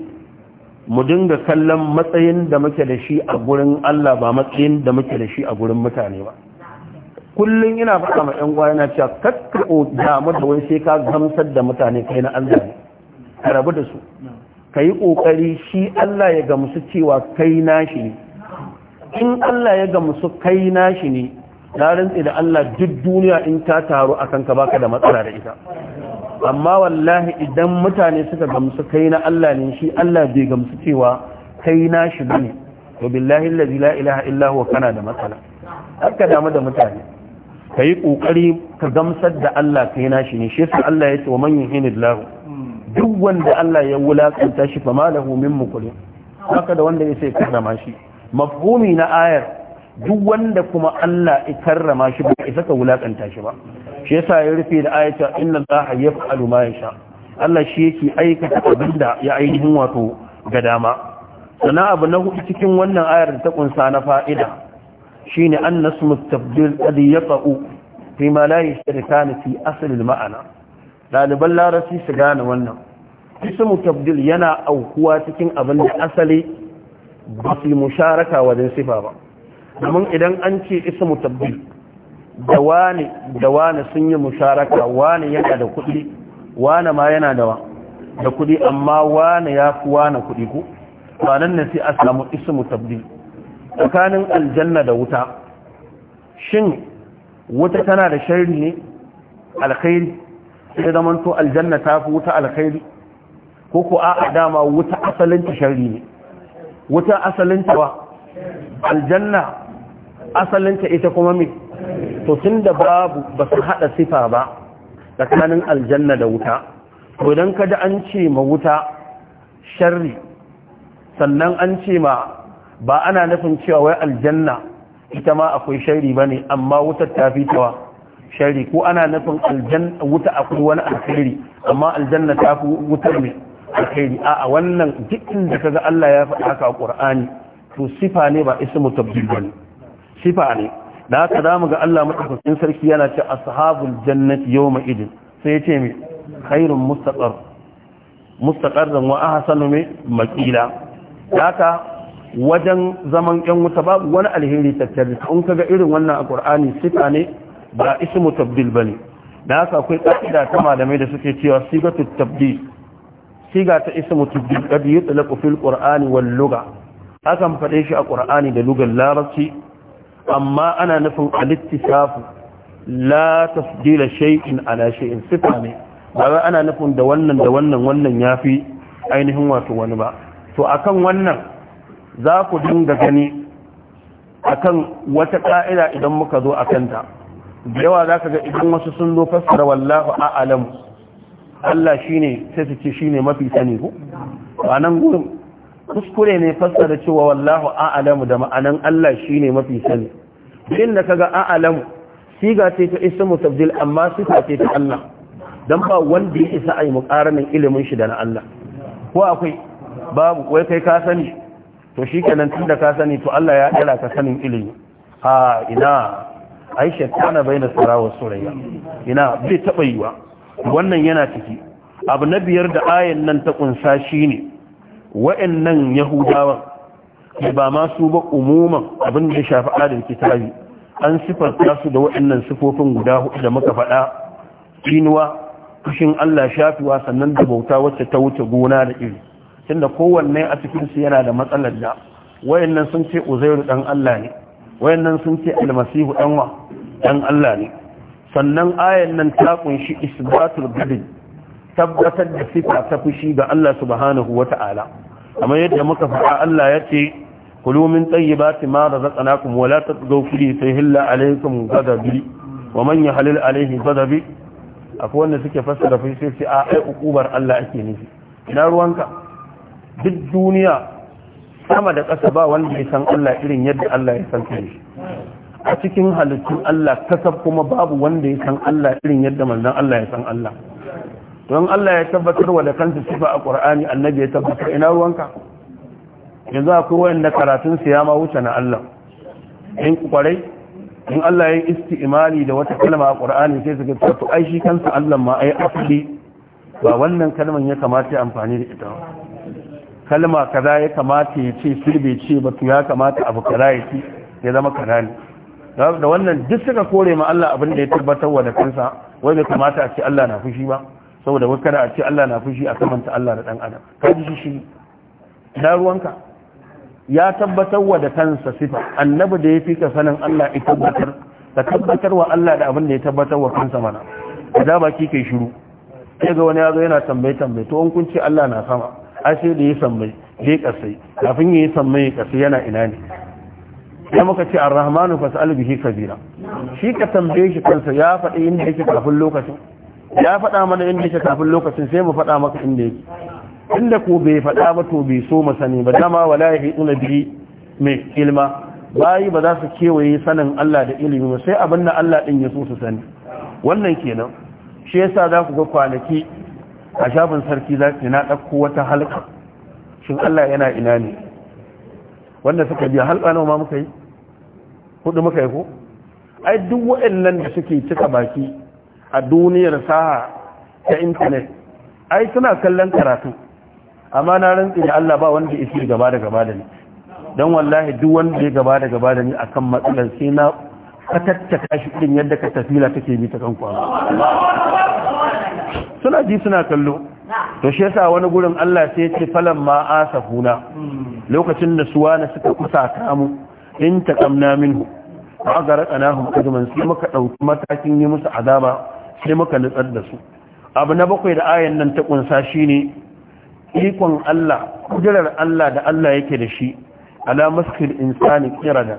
mu dinga kallon matsayin da muke da shi a gurin Allah ba matsayin da muke da shi a gurin mutane ba kullum ina faɗa ma ƴan yana cewa kakko damu da wai sai ka gamsar da mutane kai na Allah ne ka rabu da su ka yi ƙoƙari shi Allah ya gamsu cewa kai nashi ne in Allah ya gamsu kai nashi ne na rantsi da Allah duk duniya in ta taru akan ka baka da matsala da ita amma wallahi idan mutane suka gamsu kai na Allah ne shi Allah bai gamsu cewa kai na shi bane to billahi allazi la ilaha illa huwa kana da matsala haka damu da mutane kai kokari ka gamsar da Allah kai na shi ne shi sai Allah ya ce wa man yuhinillahu duk wanda Allah ya wulakanta shi fa malahu min mukrim haka da wanda ya sai karrama shi mafhumi na ayar duk wanda kuma Allah ya karrama shi ba isa ka wulakanta shi ba shi yasa ya rufe da ayata inna allaha yaf'alu ma yasha Allah shi yake aikata abinda ya ainihin wato ga dama sannan abu na hudu cikin wannan ayar da ta kunsa na fa'ida shine annas mustabdil alladhi yaqa'u fi ma la yashtarikani fi asl al ma'ana daliban larasi su gane wannan ismu tabdil yana aukuwa cikin abin da asali ba su musharaka wajen sifa ba domin idan an ce ismu tabdil da wani da wani sun yi musharaka wani yana da kuɗi wani ma yana da da kudi amma wani ya fi wani kuɗi ku ba nan ne sai a samu ismu tabdi tsakanin aljanna da wuta shin wuta tana da sharri ne alkhairi sai zaman to aljanna ta fi wuta alkhairi ko ko a dama wuta asalinta sharri ne wuta asalinta wa aljanna asalinta ita kuma me to tun da babu ba su haɗa sifa ba tsakanin aljanna da wuta to don kada an ce ma wuta sharri sannan an ce ma ba ana nufin cewa wai aljanna ita ma akwai sharri ba ne amma wutar ta fi tawa sharri ko ana nufin aljanna wuta akwai wani alkhairi amma aljanna ta fi wutar ne alkhairi a wannan jikin da kaga Allah ya faɗa haka a Qur'ani to sifa ne ba ismu ba ne sifa ne da haka za ga Allah madaukakin sarki yana ce a sahabun jannati yau idin sai ya ce mai mustaƙar mustaƙar da wa ahsanu mai makila da haka wajen zaman yan wuta babu wani alheri tattare in kaga irin wannan a Qur'ani sita ne ba tabbil ba ne. da haka akwai ka'ida ta malamai da suke cewa siga ta ismu tabdil ƙadi yi fil Qur'ani wal akan faɗe shi a ƙur'ani da lugan Larabci amma ana nufin alittisafu la tafdila shay'in ala shay'in sifa ne ba ana nufin da wannan da wannan wannan yafi ainihin wato wani ba to akan wannan za ku dinga gani akan wata ka'ida idan muka zo akan ta yawa za ka ga idan wasu sun zo fassara wallahu a'lamu Allah shine sai su ce shine mafi sani ko nan gurin kuskure ne fassara cewa wallahu a'lamu da ma'anan Allah shine mafi sani din da kaga a'lamu siga ce ta ismu tabdil amma sifa ce ta Allah dan ba wanda ya isa ai muqaranin ilimin shi da na Allah ko akwai babu wai kai ka sani to shikenan tunda ka sani to Allah ya kira ka sanin ilimi a ina Aisha tana sura wa surayya ina bai taba yiwa wannan yana ciki abu na biyar da ayan nan ta kunsa shine wa'annan yahudawa ba ma su ba umuman abin da shafi adin kitabi an sifarta su da wa'annan sifofin guda hudu da muka faɗa inuwa fushin Allah shafiwa sannan da bauta wacce ta wuce gona da iri tunda kowanne a cikin su yana da matsalar da wa'annan sun ce uzairu dan Allah ne wa'annan sun ce almasihu dan wa dan Allah ne sannan ayan nan ta kunshi isbatul bidin tabbatar da sifa ta fushi ga Allah subhanahu ta'ala amma yadda muka faɗa Allah ya ce kulu min tayyibati ma razaqnakum wa la tatghaw sai fayhilla alaykum ghadabi wa man yahlil alayhi ghadabi a kowanne suke fassara fushi sai sai a ai ukubar Allah ake nufi ina ruwanka duk duniya sama da ƙasa ba wanda ya san Allah irin yadda Allah ya san shi a cikin halittun Allah kasab kuma babu wanda ya san Allah irin yadda manzon Allah ya san Allah don Allah ya tabbatar wa da kansa sifa a Qur'ani annabi ya tabbatar ina ruwanka yanzu akwai wanda karatun su ya ma wuce na Allah in kwarai in Allah ya isti'mali da wata kalma a Qur'ani sai su ga su ai shi kansa Allah ma ai asli ba wannan kalman ya kamata ya amfani da ita kalma kaza ya kamata ya ce sirbe ce ba ya kamata abu kaza ya ce ya zama kaza ne da wannan duk suka kore ma Allah abin da ya tabbatar wa da kansa wai bai kamata a ce Allah na fushi ba saboda wai kada a ce Allah na fushi a samanta Allah da ɗan adam ka ji shi na ruwanka ya tabbatar wa da kansa sifa annabi da ya fi ka sanin Allah ya tabbatar ka tabbatar wa Allah da abin da ya tabbatar wa kansa mana da baki kai shiru sai ga wani yazo yana tambaye tambaye to an kun ce Allah na sama ai sai da ya sambai sai kasai kafin ya yi sambai kasai yana ina ne ya muka ce ar-rahmanu fas'al bihi kabira shi ka tambaye shi kansa ya faɗi inda yake kafin lokacin ya faɗa mana inda yake kafin lokacin sai mu faɗa maka inda yake inda ko bai faɗa ba to bai so mu sani ba dama wala ya hitsu na bihi mai ilma bayi ba za su kewaye sanin Allah da ilimi ba sai abin da Allah din ya so su sani wannan kenan shi yasa za ku ga kwanaki a shafin sarki za ki na ɗauko wata halka shin Allah yana ina ne wanda suka biya halka nawa ma muka yi hudu muka yi ko ai duk waɗannan da suke cika baki a duniyar saha ta intanet ai suna kallon karatu amma na rantsi da Allah ba wanda ya fi gaba da gaba da ni don wallahi duk wanda ya gaba da gaba da ni akan matsalar sai na katatta shi din yadda ka tafila take bi ta kan kwano suna ji suna kallo to shi yasa wani gurin Allah sai ya ce falan ma asafuna lokacin da suwa na suka kusa mu in ta taqamna minhu fa agaratnahum ajman sai muka dauki matakin yi musu azaba sai muka nutsar da su abu na bakwai da ayan nan ta kunsa ne. ikon Allah kudirar Allah da Allah yake da shi ala maskil insani kirada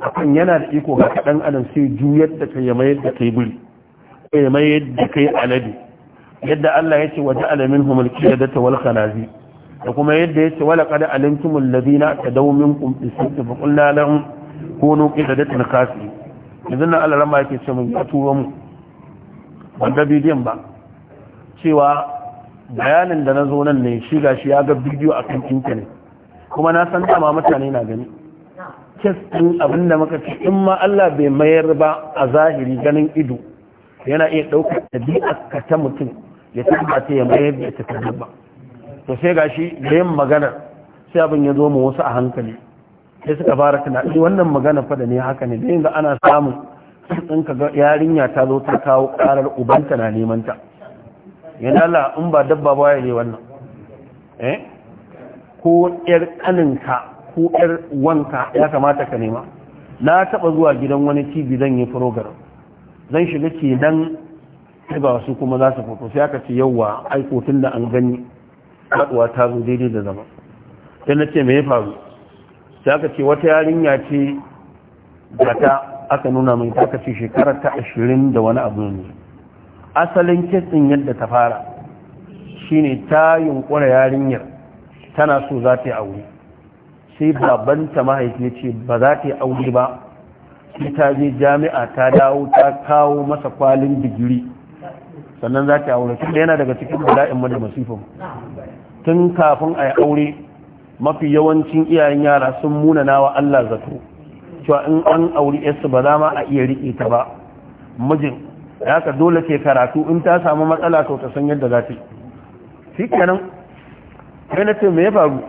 akan yana da iko ga kadan adam sai juyar da kai mai da kai buri kai mai da kai alade yadda Allah ce waje alamin minhum da ta wal khanazi da kuma yadda ce wala qad alimtum alladhina tadaw minkum fi sirri fa qulna lahum kunu qiyadatan khasi idan Allah rama yake ce mun ya turo mu ban ga bidiyon ba cewa bayanin da na zo nan ne shi gashi ya ga bidiyo a kan intanet kuma na san dama mutane na gani kes ɗin abin da muka ce in ma Allah bai mayar ba a zahiri ganin ido yana iya ɗaukar ɗabi'ar ka ta mutum ya tabbata ya mayar da ta ba to sai gashi da yin maganar sai abin ya zo mu wasu a hankali sai suka fara tunani wannan magana fa da ne haka ne da yin ana samun in ka ga yarinya ta zo ta kawo karar ubanta na neman ta yana Allah in ba dabba ba ya wannan eh ko yar kaninka ko yar wanka ya kamata ka nema na taba zuwa gidan wani TV zan yi program zan shiga kenan sai ba wasu kuma za su foto sai aka ce yauwa aiko tun da an gani haɗuwa ta zo daidai da zama sai na ce me ya faru sai aka ce wata yarinya ce da ta aka nuna mai aka ce shekarar ta ashirin da wani abu ne asalin kitsin yadda ta fara shine ta yunkura yarinyar tana so za ta yi aure sai babanta mahaifi ya ce ba za ta yi aure ba sai ta je jami'a ta dawo ta kawo masa kwalin digiri sannan za ta yi aure tunda yana daga cikin bala'in mu da masifin tun kafin a yi aure mafi yawancin iyayen yara sun muna nawa Allah zato cewa in an auri yarsu ba za ma a iya riƙe ta ba mijin Ya ka dole ce karatu in ta samu matsala to ta san yadda za ta yi shi kenan sai na ce me ya faru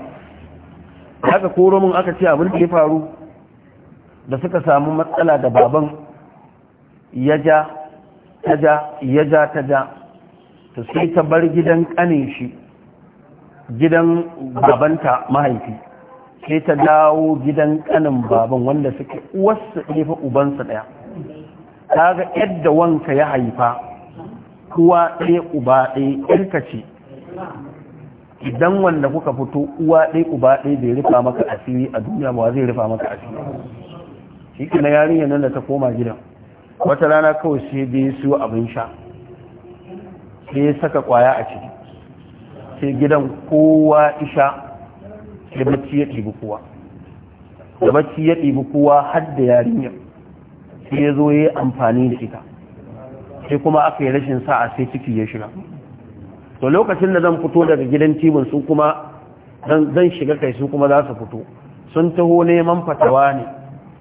Ya ka koro min aka ce abin da ya faru da suka samu matsala da baban ya ja ta ja ya ja ta ja ta sai ta bar gidan ƙanin shi gidan babanta mahaifi sai ta dawo gidan kanin baban wanda suke uwarsa ɗaya ubansa ɗaya ta ga yadda wanka ya haifa uwa ɗaya uba ɗaya irka ce idan wanda kuka fito uwa ɗaya uba ɗaya bai rufa maka asiri a duniya ba zai rufa maka asiri shi ke na yarinya nan da ta koma gidan wata rana kawai sai bai siyo abin sha sai ya saka kwaya a ciki sai gidan kowa isha da ya ɗibi kowa da bacci ya ɗibi kowa har da yarinya sai ya zo ya yi amfani da ita sai kuma aka yi rashin sa'a sai ciki ya shiga to lokacin da zan fito daga gidan tibin su kuma zan shiga kai su kuma za su fito sun taho neman fatawa ne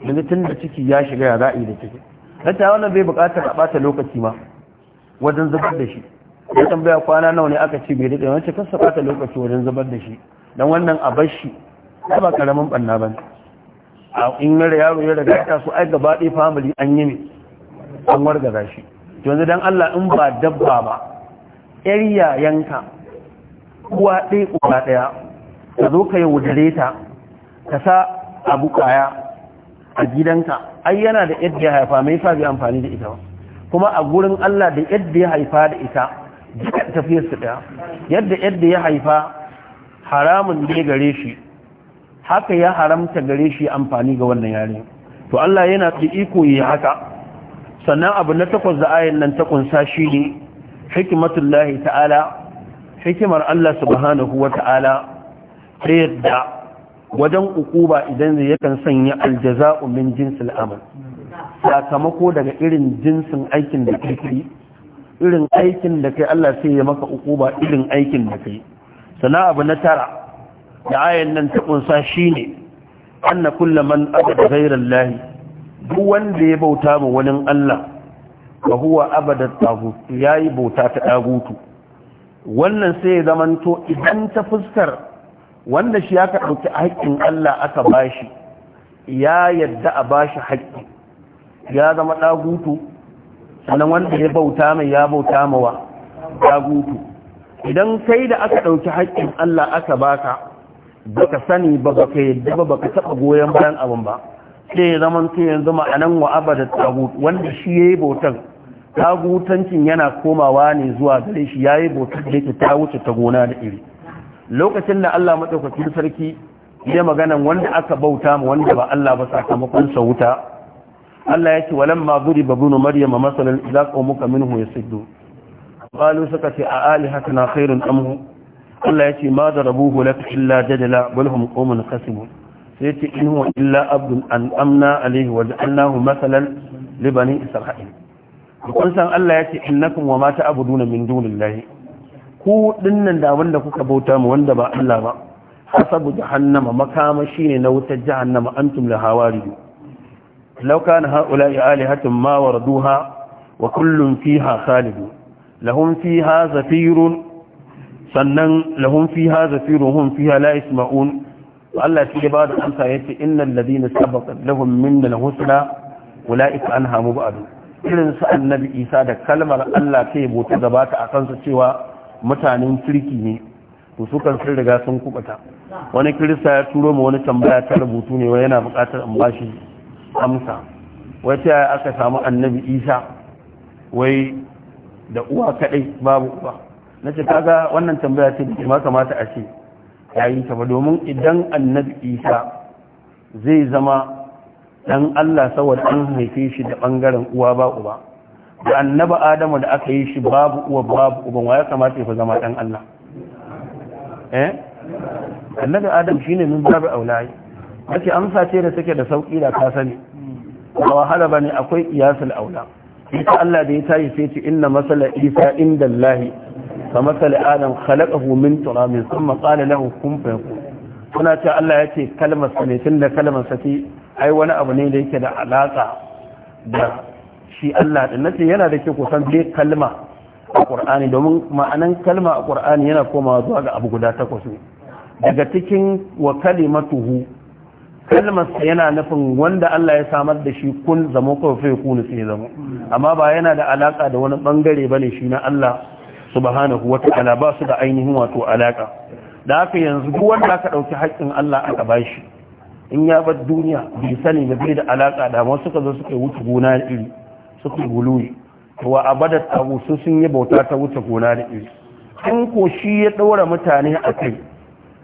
yanzu tun da ciki ya shiga ya yi da ciki na ta wannan bai bukatar a bata lokaci ma wajen zubar da shi ya tambaya kwana nawa ne aka ce bai daɗe wacce kan sa ta lokaci wajen zubar da shi don wannan a bar shi ya ba karamin banna ba ne a in da yaro ya daga ta su ai gaba ɗaya family an yi ne an wargaza shi yanzu don allah in ba dabba ba yar yayanka uwa ɗaya uwa ɗaya ka zo ka yaudare ta ka sa abu kaya a gidanka ai yana da yadda ya haifa mai sa bai amfani da ita ba kuma a gurin allah da yadda ya haifa da ita duka tafiyar su ɗaya yadda yadda ya haifa haramun ne gare shi haka ya haramta gare shi amfani ga wannan yare to Allah yana da iko yi haka sannan abu na takwas da ayin nan ta kunsa shi ne hikimatullahi ta'ala hikimar Allah subhanahu wa ta'ala ta yadda wajen ukuba idan zai yakan sanya aljaza'u min jinsin amal sakamako daga irin jinsin aikin da kirkiri irin aikin da kai Allah sai ya maka ukuba irin aikin da kai sana abu na tara da ayan nan ta kunsa shine anna kullu man abada ghayra Allah duk wanda ya bauta ma wani Allah fa huwa abada tagut yayi bauta ta dagutu wannan sai ya zamanto idan ta fuskar wanda shi aka dauki hakkin Allah aka bashi ya yadda a bashi haƙƙi ya zama dagutu sannan wanda ya bauta mai ya bauta mawa ya gutu idan kai da aka ɗauki haƙƙin Allah aka baka baka sani ba baka yadda ba baka taɓa goyon bayan abin ba sai ya zama sai yanzu ma'anan wa abada tagut wanda shi ya yi bautan tagutancin yana komawa ne zuwa gare shi ya yi bautan da yake ta wuce ta gona da iri lokacin da Allah maɗaukakin sarki ya maganan wanda aka bauta ma wanda ba Allah ba sakamakon sa wuta Allah ya ce walamma duriba ibnu maryama masalan idza qawmuka minhu yasuddu qalu suka ce a alihatuna khairun amhu Allah ya ce ma darabuhu lak illa jadala bal hum qawmun khasibun sai ce in huwa illa abdun an amna alayhi wa ja'alnahu masalan li bani isra'il kun san Allah ya ce innakum wa ma ta'buduna min dunillahi ku dinnan da wanda kuka bauta mu wanda ba Allah ba hasabu jahannama makama shine na wutar jahannama antum lahawaridu لو كان هؤلاء آلهة ما وردوها وكل فيها خالد لهم فيها زفير sannan lahun fi haza hun fi hala isma'un Allah ya ce amsa ya ce innal ladina sabaqa lahum min al husna ulaika anha mubadu irin su annabi isa da kalmar Allah ke bota gaba ta akan su cewa mutanen kirki ne to su riga sun kubata wani kirista ya turo wa wani tambaya ta rubutu ne wa yana bukatar ambashi? amsa wata yaya aka samu annabi isa wai da uwa kadai babu uba na ce kaga wannan tambaya ce da ma kamata a ce yayin ta ba domin idan annabi isa zai zama dan allah saboda an haife shi da bangaren uwa ba uba da annaba adamu da aka yi shi babu uwa babu uban wa ya kamata ya zama dan allah eh annabi adam shine min babu aulayi ake amsa ce da take da sauƙi da kasani sani ba wahala ba ne akwai iyasul aula ita Allah da ya yi sai ce inna masala isa inda Allah fa masala adam khalaqahu min turabin thumma qala lahu kun fayakun kuna ce Allah ya ce kalmar sa ne tunda kalmar sa ce ai wani abu ne da yake da alaka da shi Allah din nace yana da ke kusan dai kalma a Qur'ani domin ma'anan kalma a Qur'ani yana komawa zuwa ga abu guda takwas daga cikin wa kalimatuhu kalmar yana nufin wanda Allah ya samar da shi kun zama ko fa yakunu sai zama amma ba yana da alaka da wani bangare bane shi na Allah subhanahu wata'ala ba su da ainihin wato alaka da haka yanzu duk wanda aka dauki haƙƙin Allah aka bashi in ya bar duniya bi sani da bai da alaka da wasu suka zo suka wuce gona da iri suka guluyi to wa abadat abu sun yi bauta ta wuce gona da iri in ko shi ya ɗaura mutane a kai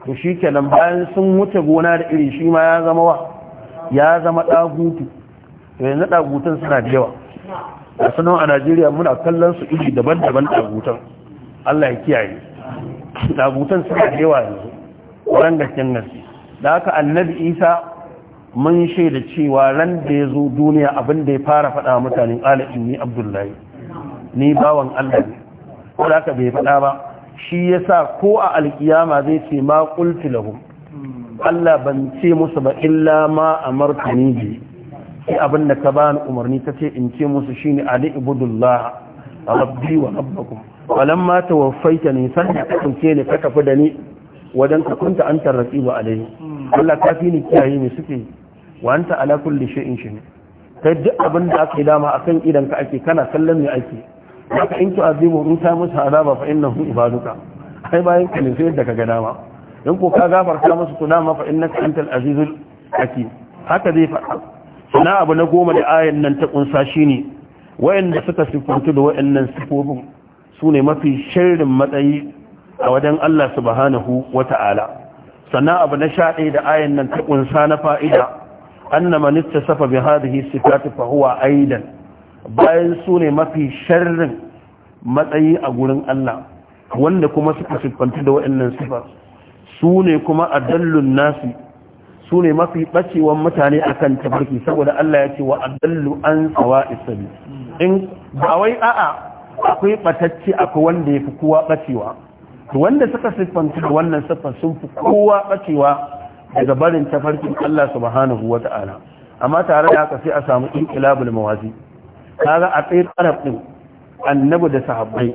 to shi kenan bayan sun wuce gona da iri shi ma ya zama wa ya zama ɗagutu to yanzu ɗagutun suna da yawa a sanar a najeriya muna kallon su iri daban-daban ɗagutun allah ya kiyaye ɗagutun suna da yawa yanzu ran gasken gaske da haka annabi isa mun shaida cewa ran da ya zo duniya abin da ya fara faɗa mutane ala inni abdullahi ni bawan allah ne ko da aka bai faɗa ba shi ya sa ko a alkiyama zai ce ma qultu lahum Allah ban ce musu ba illa ma amartani bi sai abin da ka bani umarni ce in ce musu shi ne ali ibudullah rabbi wa rabbakum walamma tawaffaytani sanna ka dauke ni ka tafi da ni wajen ka kunta an tarrafi ba alai Allah ka fi ni kiyaye ne suke wa anta ala kulli shay'in shine kai duk abin da aka yi dama akan idan ka ake kana kallon me ake haka in tu'azibu in ta musu azaba fa innahum ibaduka ai bayan ka ne sai da ka ga dama in ko ka gafarta musu to dama fa innaka antal azizul hakim haka zai faɗa sana abu na goma da ayan nan ta kunsa shine wayanda suka sifantu da wayannan sifofin su ne mafi shirin matsayi a wajen Allah subhanahu wata'ala sana abu na sha ɗaya da ayan nan ta kunsa na fa'ida anna man safa bi hadhihi sifati fa huwa aidan bayan su ne mafi sharrin matsayi a gurin Allah wanda kuma suka siffanta da waɗannan sifa su ne kuma adallun nasi su ne mafi ɓacewan mutane a kan tafarki saboda Allah ya ce wa adallu an tsawa isabi in ba wai a'a akwai ɓatacce akwai wanda ya fi kowa ɓacewa wanda suka siffanta da wannan siffar sun fi kowa ɓacewa daga barin tafarkin Allah subhanahu wa ta'ala amma tare da haka sai a samu inqilabul mawazi kaga a tsaye tsanaf ɗin annabi da sahabbai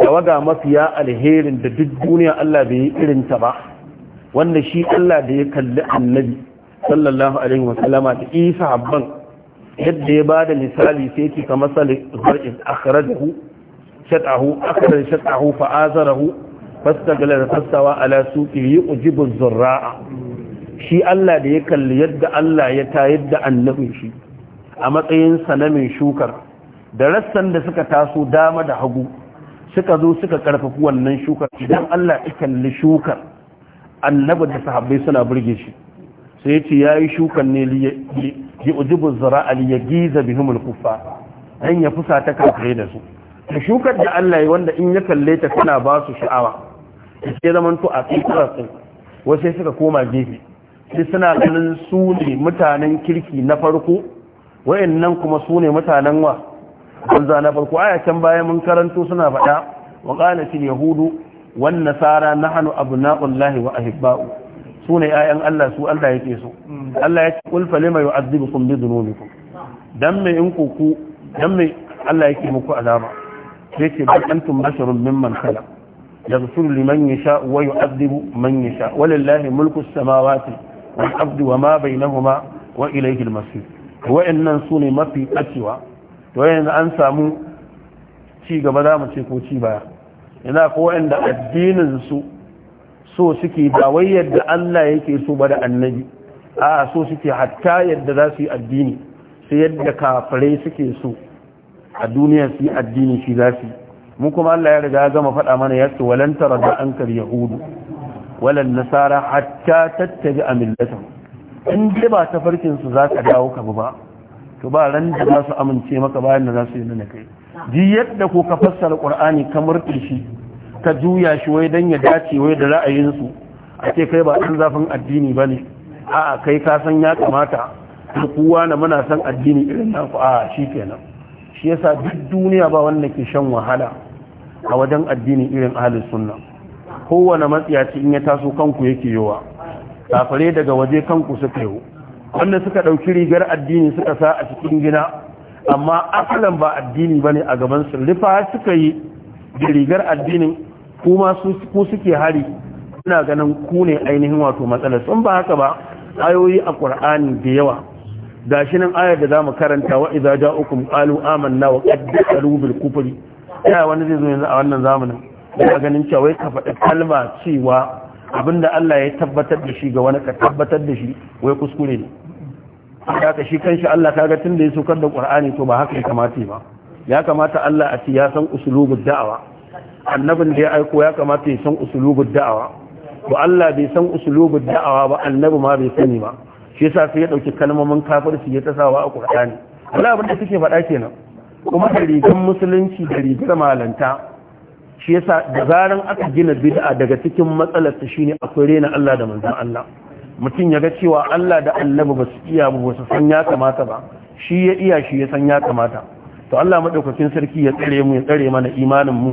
da waga mafiya alherin da duk duniya Allah bai yi irin ta ba wanda shi Allah da ya kalli annabi sallallahu alaihi wa sallama da isa habban yadda ya bada misali sai ki kamar sali zar'in akhrajahu shatahu akhraj shatahu fa azarahu fastagala fastawa ala suqi yujibu zurra'a shi Allah da ya kalli yadda Allah ya tayar da annabin shi a matsayin sanamin shukar da rassan da suka taso dama da hagu suka zo suka karfafi wannan shukar idan Allah ya kalli shukar annabi da sahabbai suna burge shi sai yace yayi shukar ne li ujibu zara'a li yajiza bihum al kuffa. an ya fusa ta kafire da su da shukar da Allah ya wanda in ya kalle ta tana ba su sha'awa sai zaman to a tsira sai wasu suka koma gefe sai suna ganin su ne mutanen kirki na farko wayannan kuma su ne mutanen wa banza na farko aya can bayan mun karanto suna faɗa wa qalatil yahudu wani nasara na hannu nahnu abna'ullahi wa ahibba'u su ne ayan Allah su Allah ya yake so Allah ya ce qul falima kun bi dhunubikum dan me in kuku ku dan me Allah yake muku azaba sai ce bal antum basharun mimman khalaq yaghfiru liman yasha wa yu'adhibu man ya yasha walillahi mulku as-samawati wal abdi wa ma bainahuma wa ilayhi al-masir wa'annan su ne mafi ɓacewa yanzu an samu ci gaba za mu ce ko ci baya yana ko wa'anda addininsu so suke ba wai yadda Allah yake so ba da annabi a so suke hatta yadda za su yi addini sai yadda kafirai suke so a duniya su yi addini shi za su mu kuma Allah ya riga ya gama faɗa mana ya ce walan tara da ankar yahudu walan nasara hatta tattabi a millatahu in dai ba ta farkin su za ka dawo ka ba to ba ran da za su amince maka bayan da za su yi nuna kai ji yadda ko ka fassara qur'ani ka murƙe shi ka juya shi wai dan ya dace wai da ra'ayin su a ce kai ba dan zafin addini ba ne a'a kai ka san ya kamata kowa na muna san addini irin ku. a shi kenan shi yasa duk duniya ba wanda ke shan wahala a wajen addini irin ahalin sunna kowane matsiyaci in ya taso kanku yake yowa kafare daga waje kan kusa yi wanda suka ɗauki rigar addini suka sa a cikin gina amma asalin ba addini ba ne a gaban su rufa suka yi da rigar addinin kuma ko suke hari suna ganin ku ne ainihin wato matsalar sun ba haka ba ayoyi a ƙur'ani da yawa da shi nan ayar da za mu karanta wa iza ja'ukum qalu amanna wa qad dakhalu bil kufri ya wani zai zo yanzu a wannan zamanin ina ganin cewa wai ka faɗi kalma cewa Abin da Allah ya tabbatar da shi ga wani ka tabbatar da shi wai kuskure ne Ya ka shi kanshi Allah ga tun da ya sokar da Qur'ani to ba haka ya kamata ba ya kamata Allah a ci ya san usulubu da'awa annabin da ya aiko ya kamata ya san usulubu da'awa to Allah bai san usulubu da'awa ba annabi ma bai sani ba shi yasa sai ya dauki kalmomin kafirci ya tasawa a Qur'ani Allah abin da suke faɗa kenan kuma da rigar musulunci da rigar malanta shi yasa da zaran aka gina bid'a daga cikin matsalar ta shine akwai rena Allah da manzon Allah mutum ya ga cewa Allah da Annabi ba su iya ba su san ya kamata ba shi ya iya shi ya san ya kamata to Allah madaukakin sarki ya tsare mu ya tsare mana imanin mu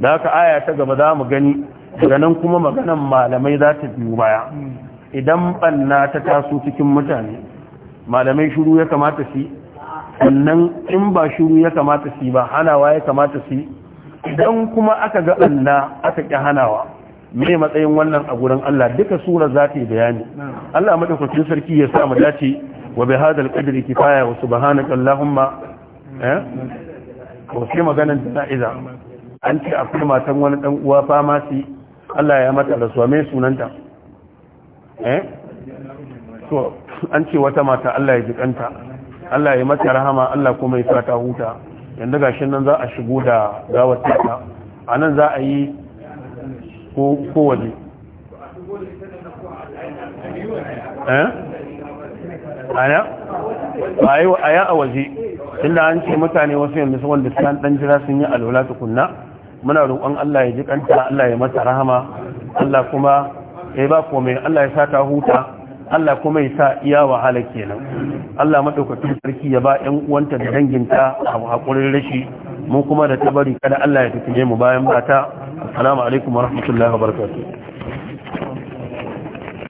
da haka aya ta gaba za mu gani daga nan kuma maganan malamai za ta biyo baya idan banna ta taso cikin mutane malamai shiru ya kamata su sannan in ba shiru ya kamata su ba hanawa ya kamata su idan kuma aka ga Allah aka ƙi hanawa mai matsayin wannan a gurin Allah duka sura za ta yi bayani Allah madaukakin sarki ya sa mu dace wa bi hadal qadri kifaya wa subhanaka allahumma eh ko sai maganar jana'iza an ce akwai matan wani dan uwa fama si Allah ya mata suwa mai sunanta eh to an ce wata mata Allah ya jikanta Allah ya mata rahama Allah kuma ya sa ta huta yanda gashin nan za a shigo da gawar ta a nan za a yi ko waje eh? a ya a waje inda an ce mutane wasu yanzu wanda sun dan jira sun yi alwala tukunna muna roƙon Allah ya ji kanta Allah ya mata rahama Allah kuma ya ba komai Allah ya saka huta Allah kuma ya sa iya wahala kenan Allah madaukakin sarki ya ba 'yan uwanta da danginta a hakurin rashi mu kuma da tabari kada Allah ya tafiye mu bayan bata assalamu alaikum wa rahmatullahi wa barakatuh